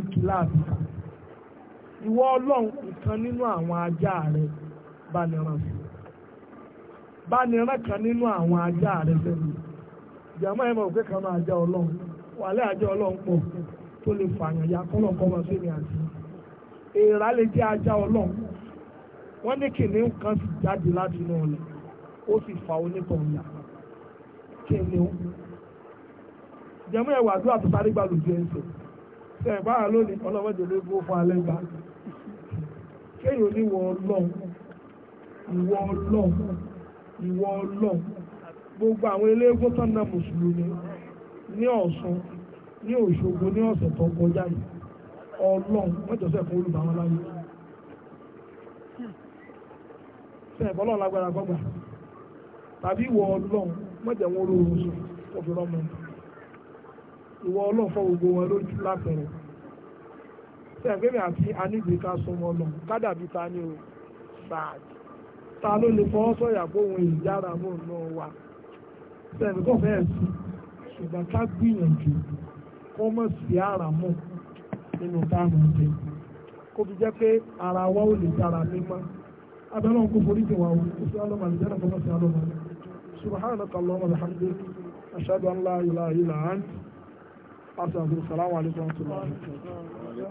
ìwọ ọlọ́run ìkan nínú àwọn ajá rẹ bá ràn sí kan nínú àwọn ajá rẹ fẹ́ mi ìjàmọ́ ẹ̀mọ̀ òkè kan náà ajá wàhálà àjọ ọlọ́run pọ̀ tó lè fààyàn ya kọ́lọ̀ kọ́mọ sí ni àti èèrà lè jẹ́ ajá ọlọ́run wọ́n ní kìnìún kan sì jáde láti inú ọ̀lẹ̀ ó sì fa onítọ̀ ọ̀yà kìnìún jẹ́mú ẹ̀wà àdúrà tó sáré gbà lójú ẹsẹ̀ ṣe ẹ̀ báyà lónìí ọlọ́mọdé ló gbó fún alẹ́ gbà kéèyàn oníwọ̀ ọlọ́run ìwọ ọlọ́run ìwọ ọlọ́run gbogbo àwọn eléégún tó ń na mùsùlùmí ní Ọ̀ṣun ní Òṣogbo ní ọ̀sẹ̀ tó kọjá yìí ọlọ́run mẹ́jọsẹ̀ fún olùbàwọn láyé sẹ́ẹ̀kọ́ ọlọ́run lágbára gbọ́gbà tàbí ìwọ ọlọ́run mẹ́jẹ̀ wọn olóorun sùn tó fi rọ́mọ ìwọ ọlọ́run fọ gbogbo wọn lójú lápẹ̀rẹ̀ sẹ́ẹ̀kọ́ mi àti anígbèéká sọmọ ọlọ́run kádàbí ta ni o sáàdì ta ló lè fọwọ́ sọ̀yà bóun ìyára mò ń náà wà sẹ́ẹ̀kọ́ fẹ́ẹ̀ sí ṣùgbọ́n ká gbìyànjú kó mọ̀ sí àràmù nínú táàmù ọ̀sẹ̀ kó fi jẹ́ pé ara wa ò lè dára mímọ́ abẹ́rẹ́ òun kò forí jẹ wa o kò sí ọlọ́mọ àlùjẹ́ náà kò mọ̀ sí ọlọ́mọ rẹ̀ subhanaka allahumma alhamdulilayi ashhadu an wa atubu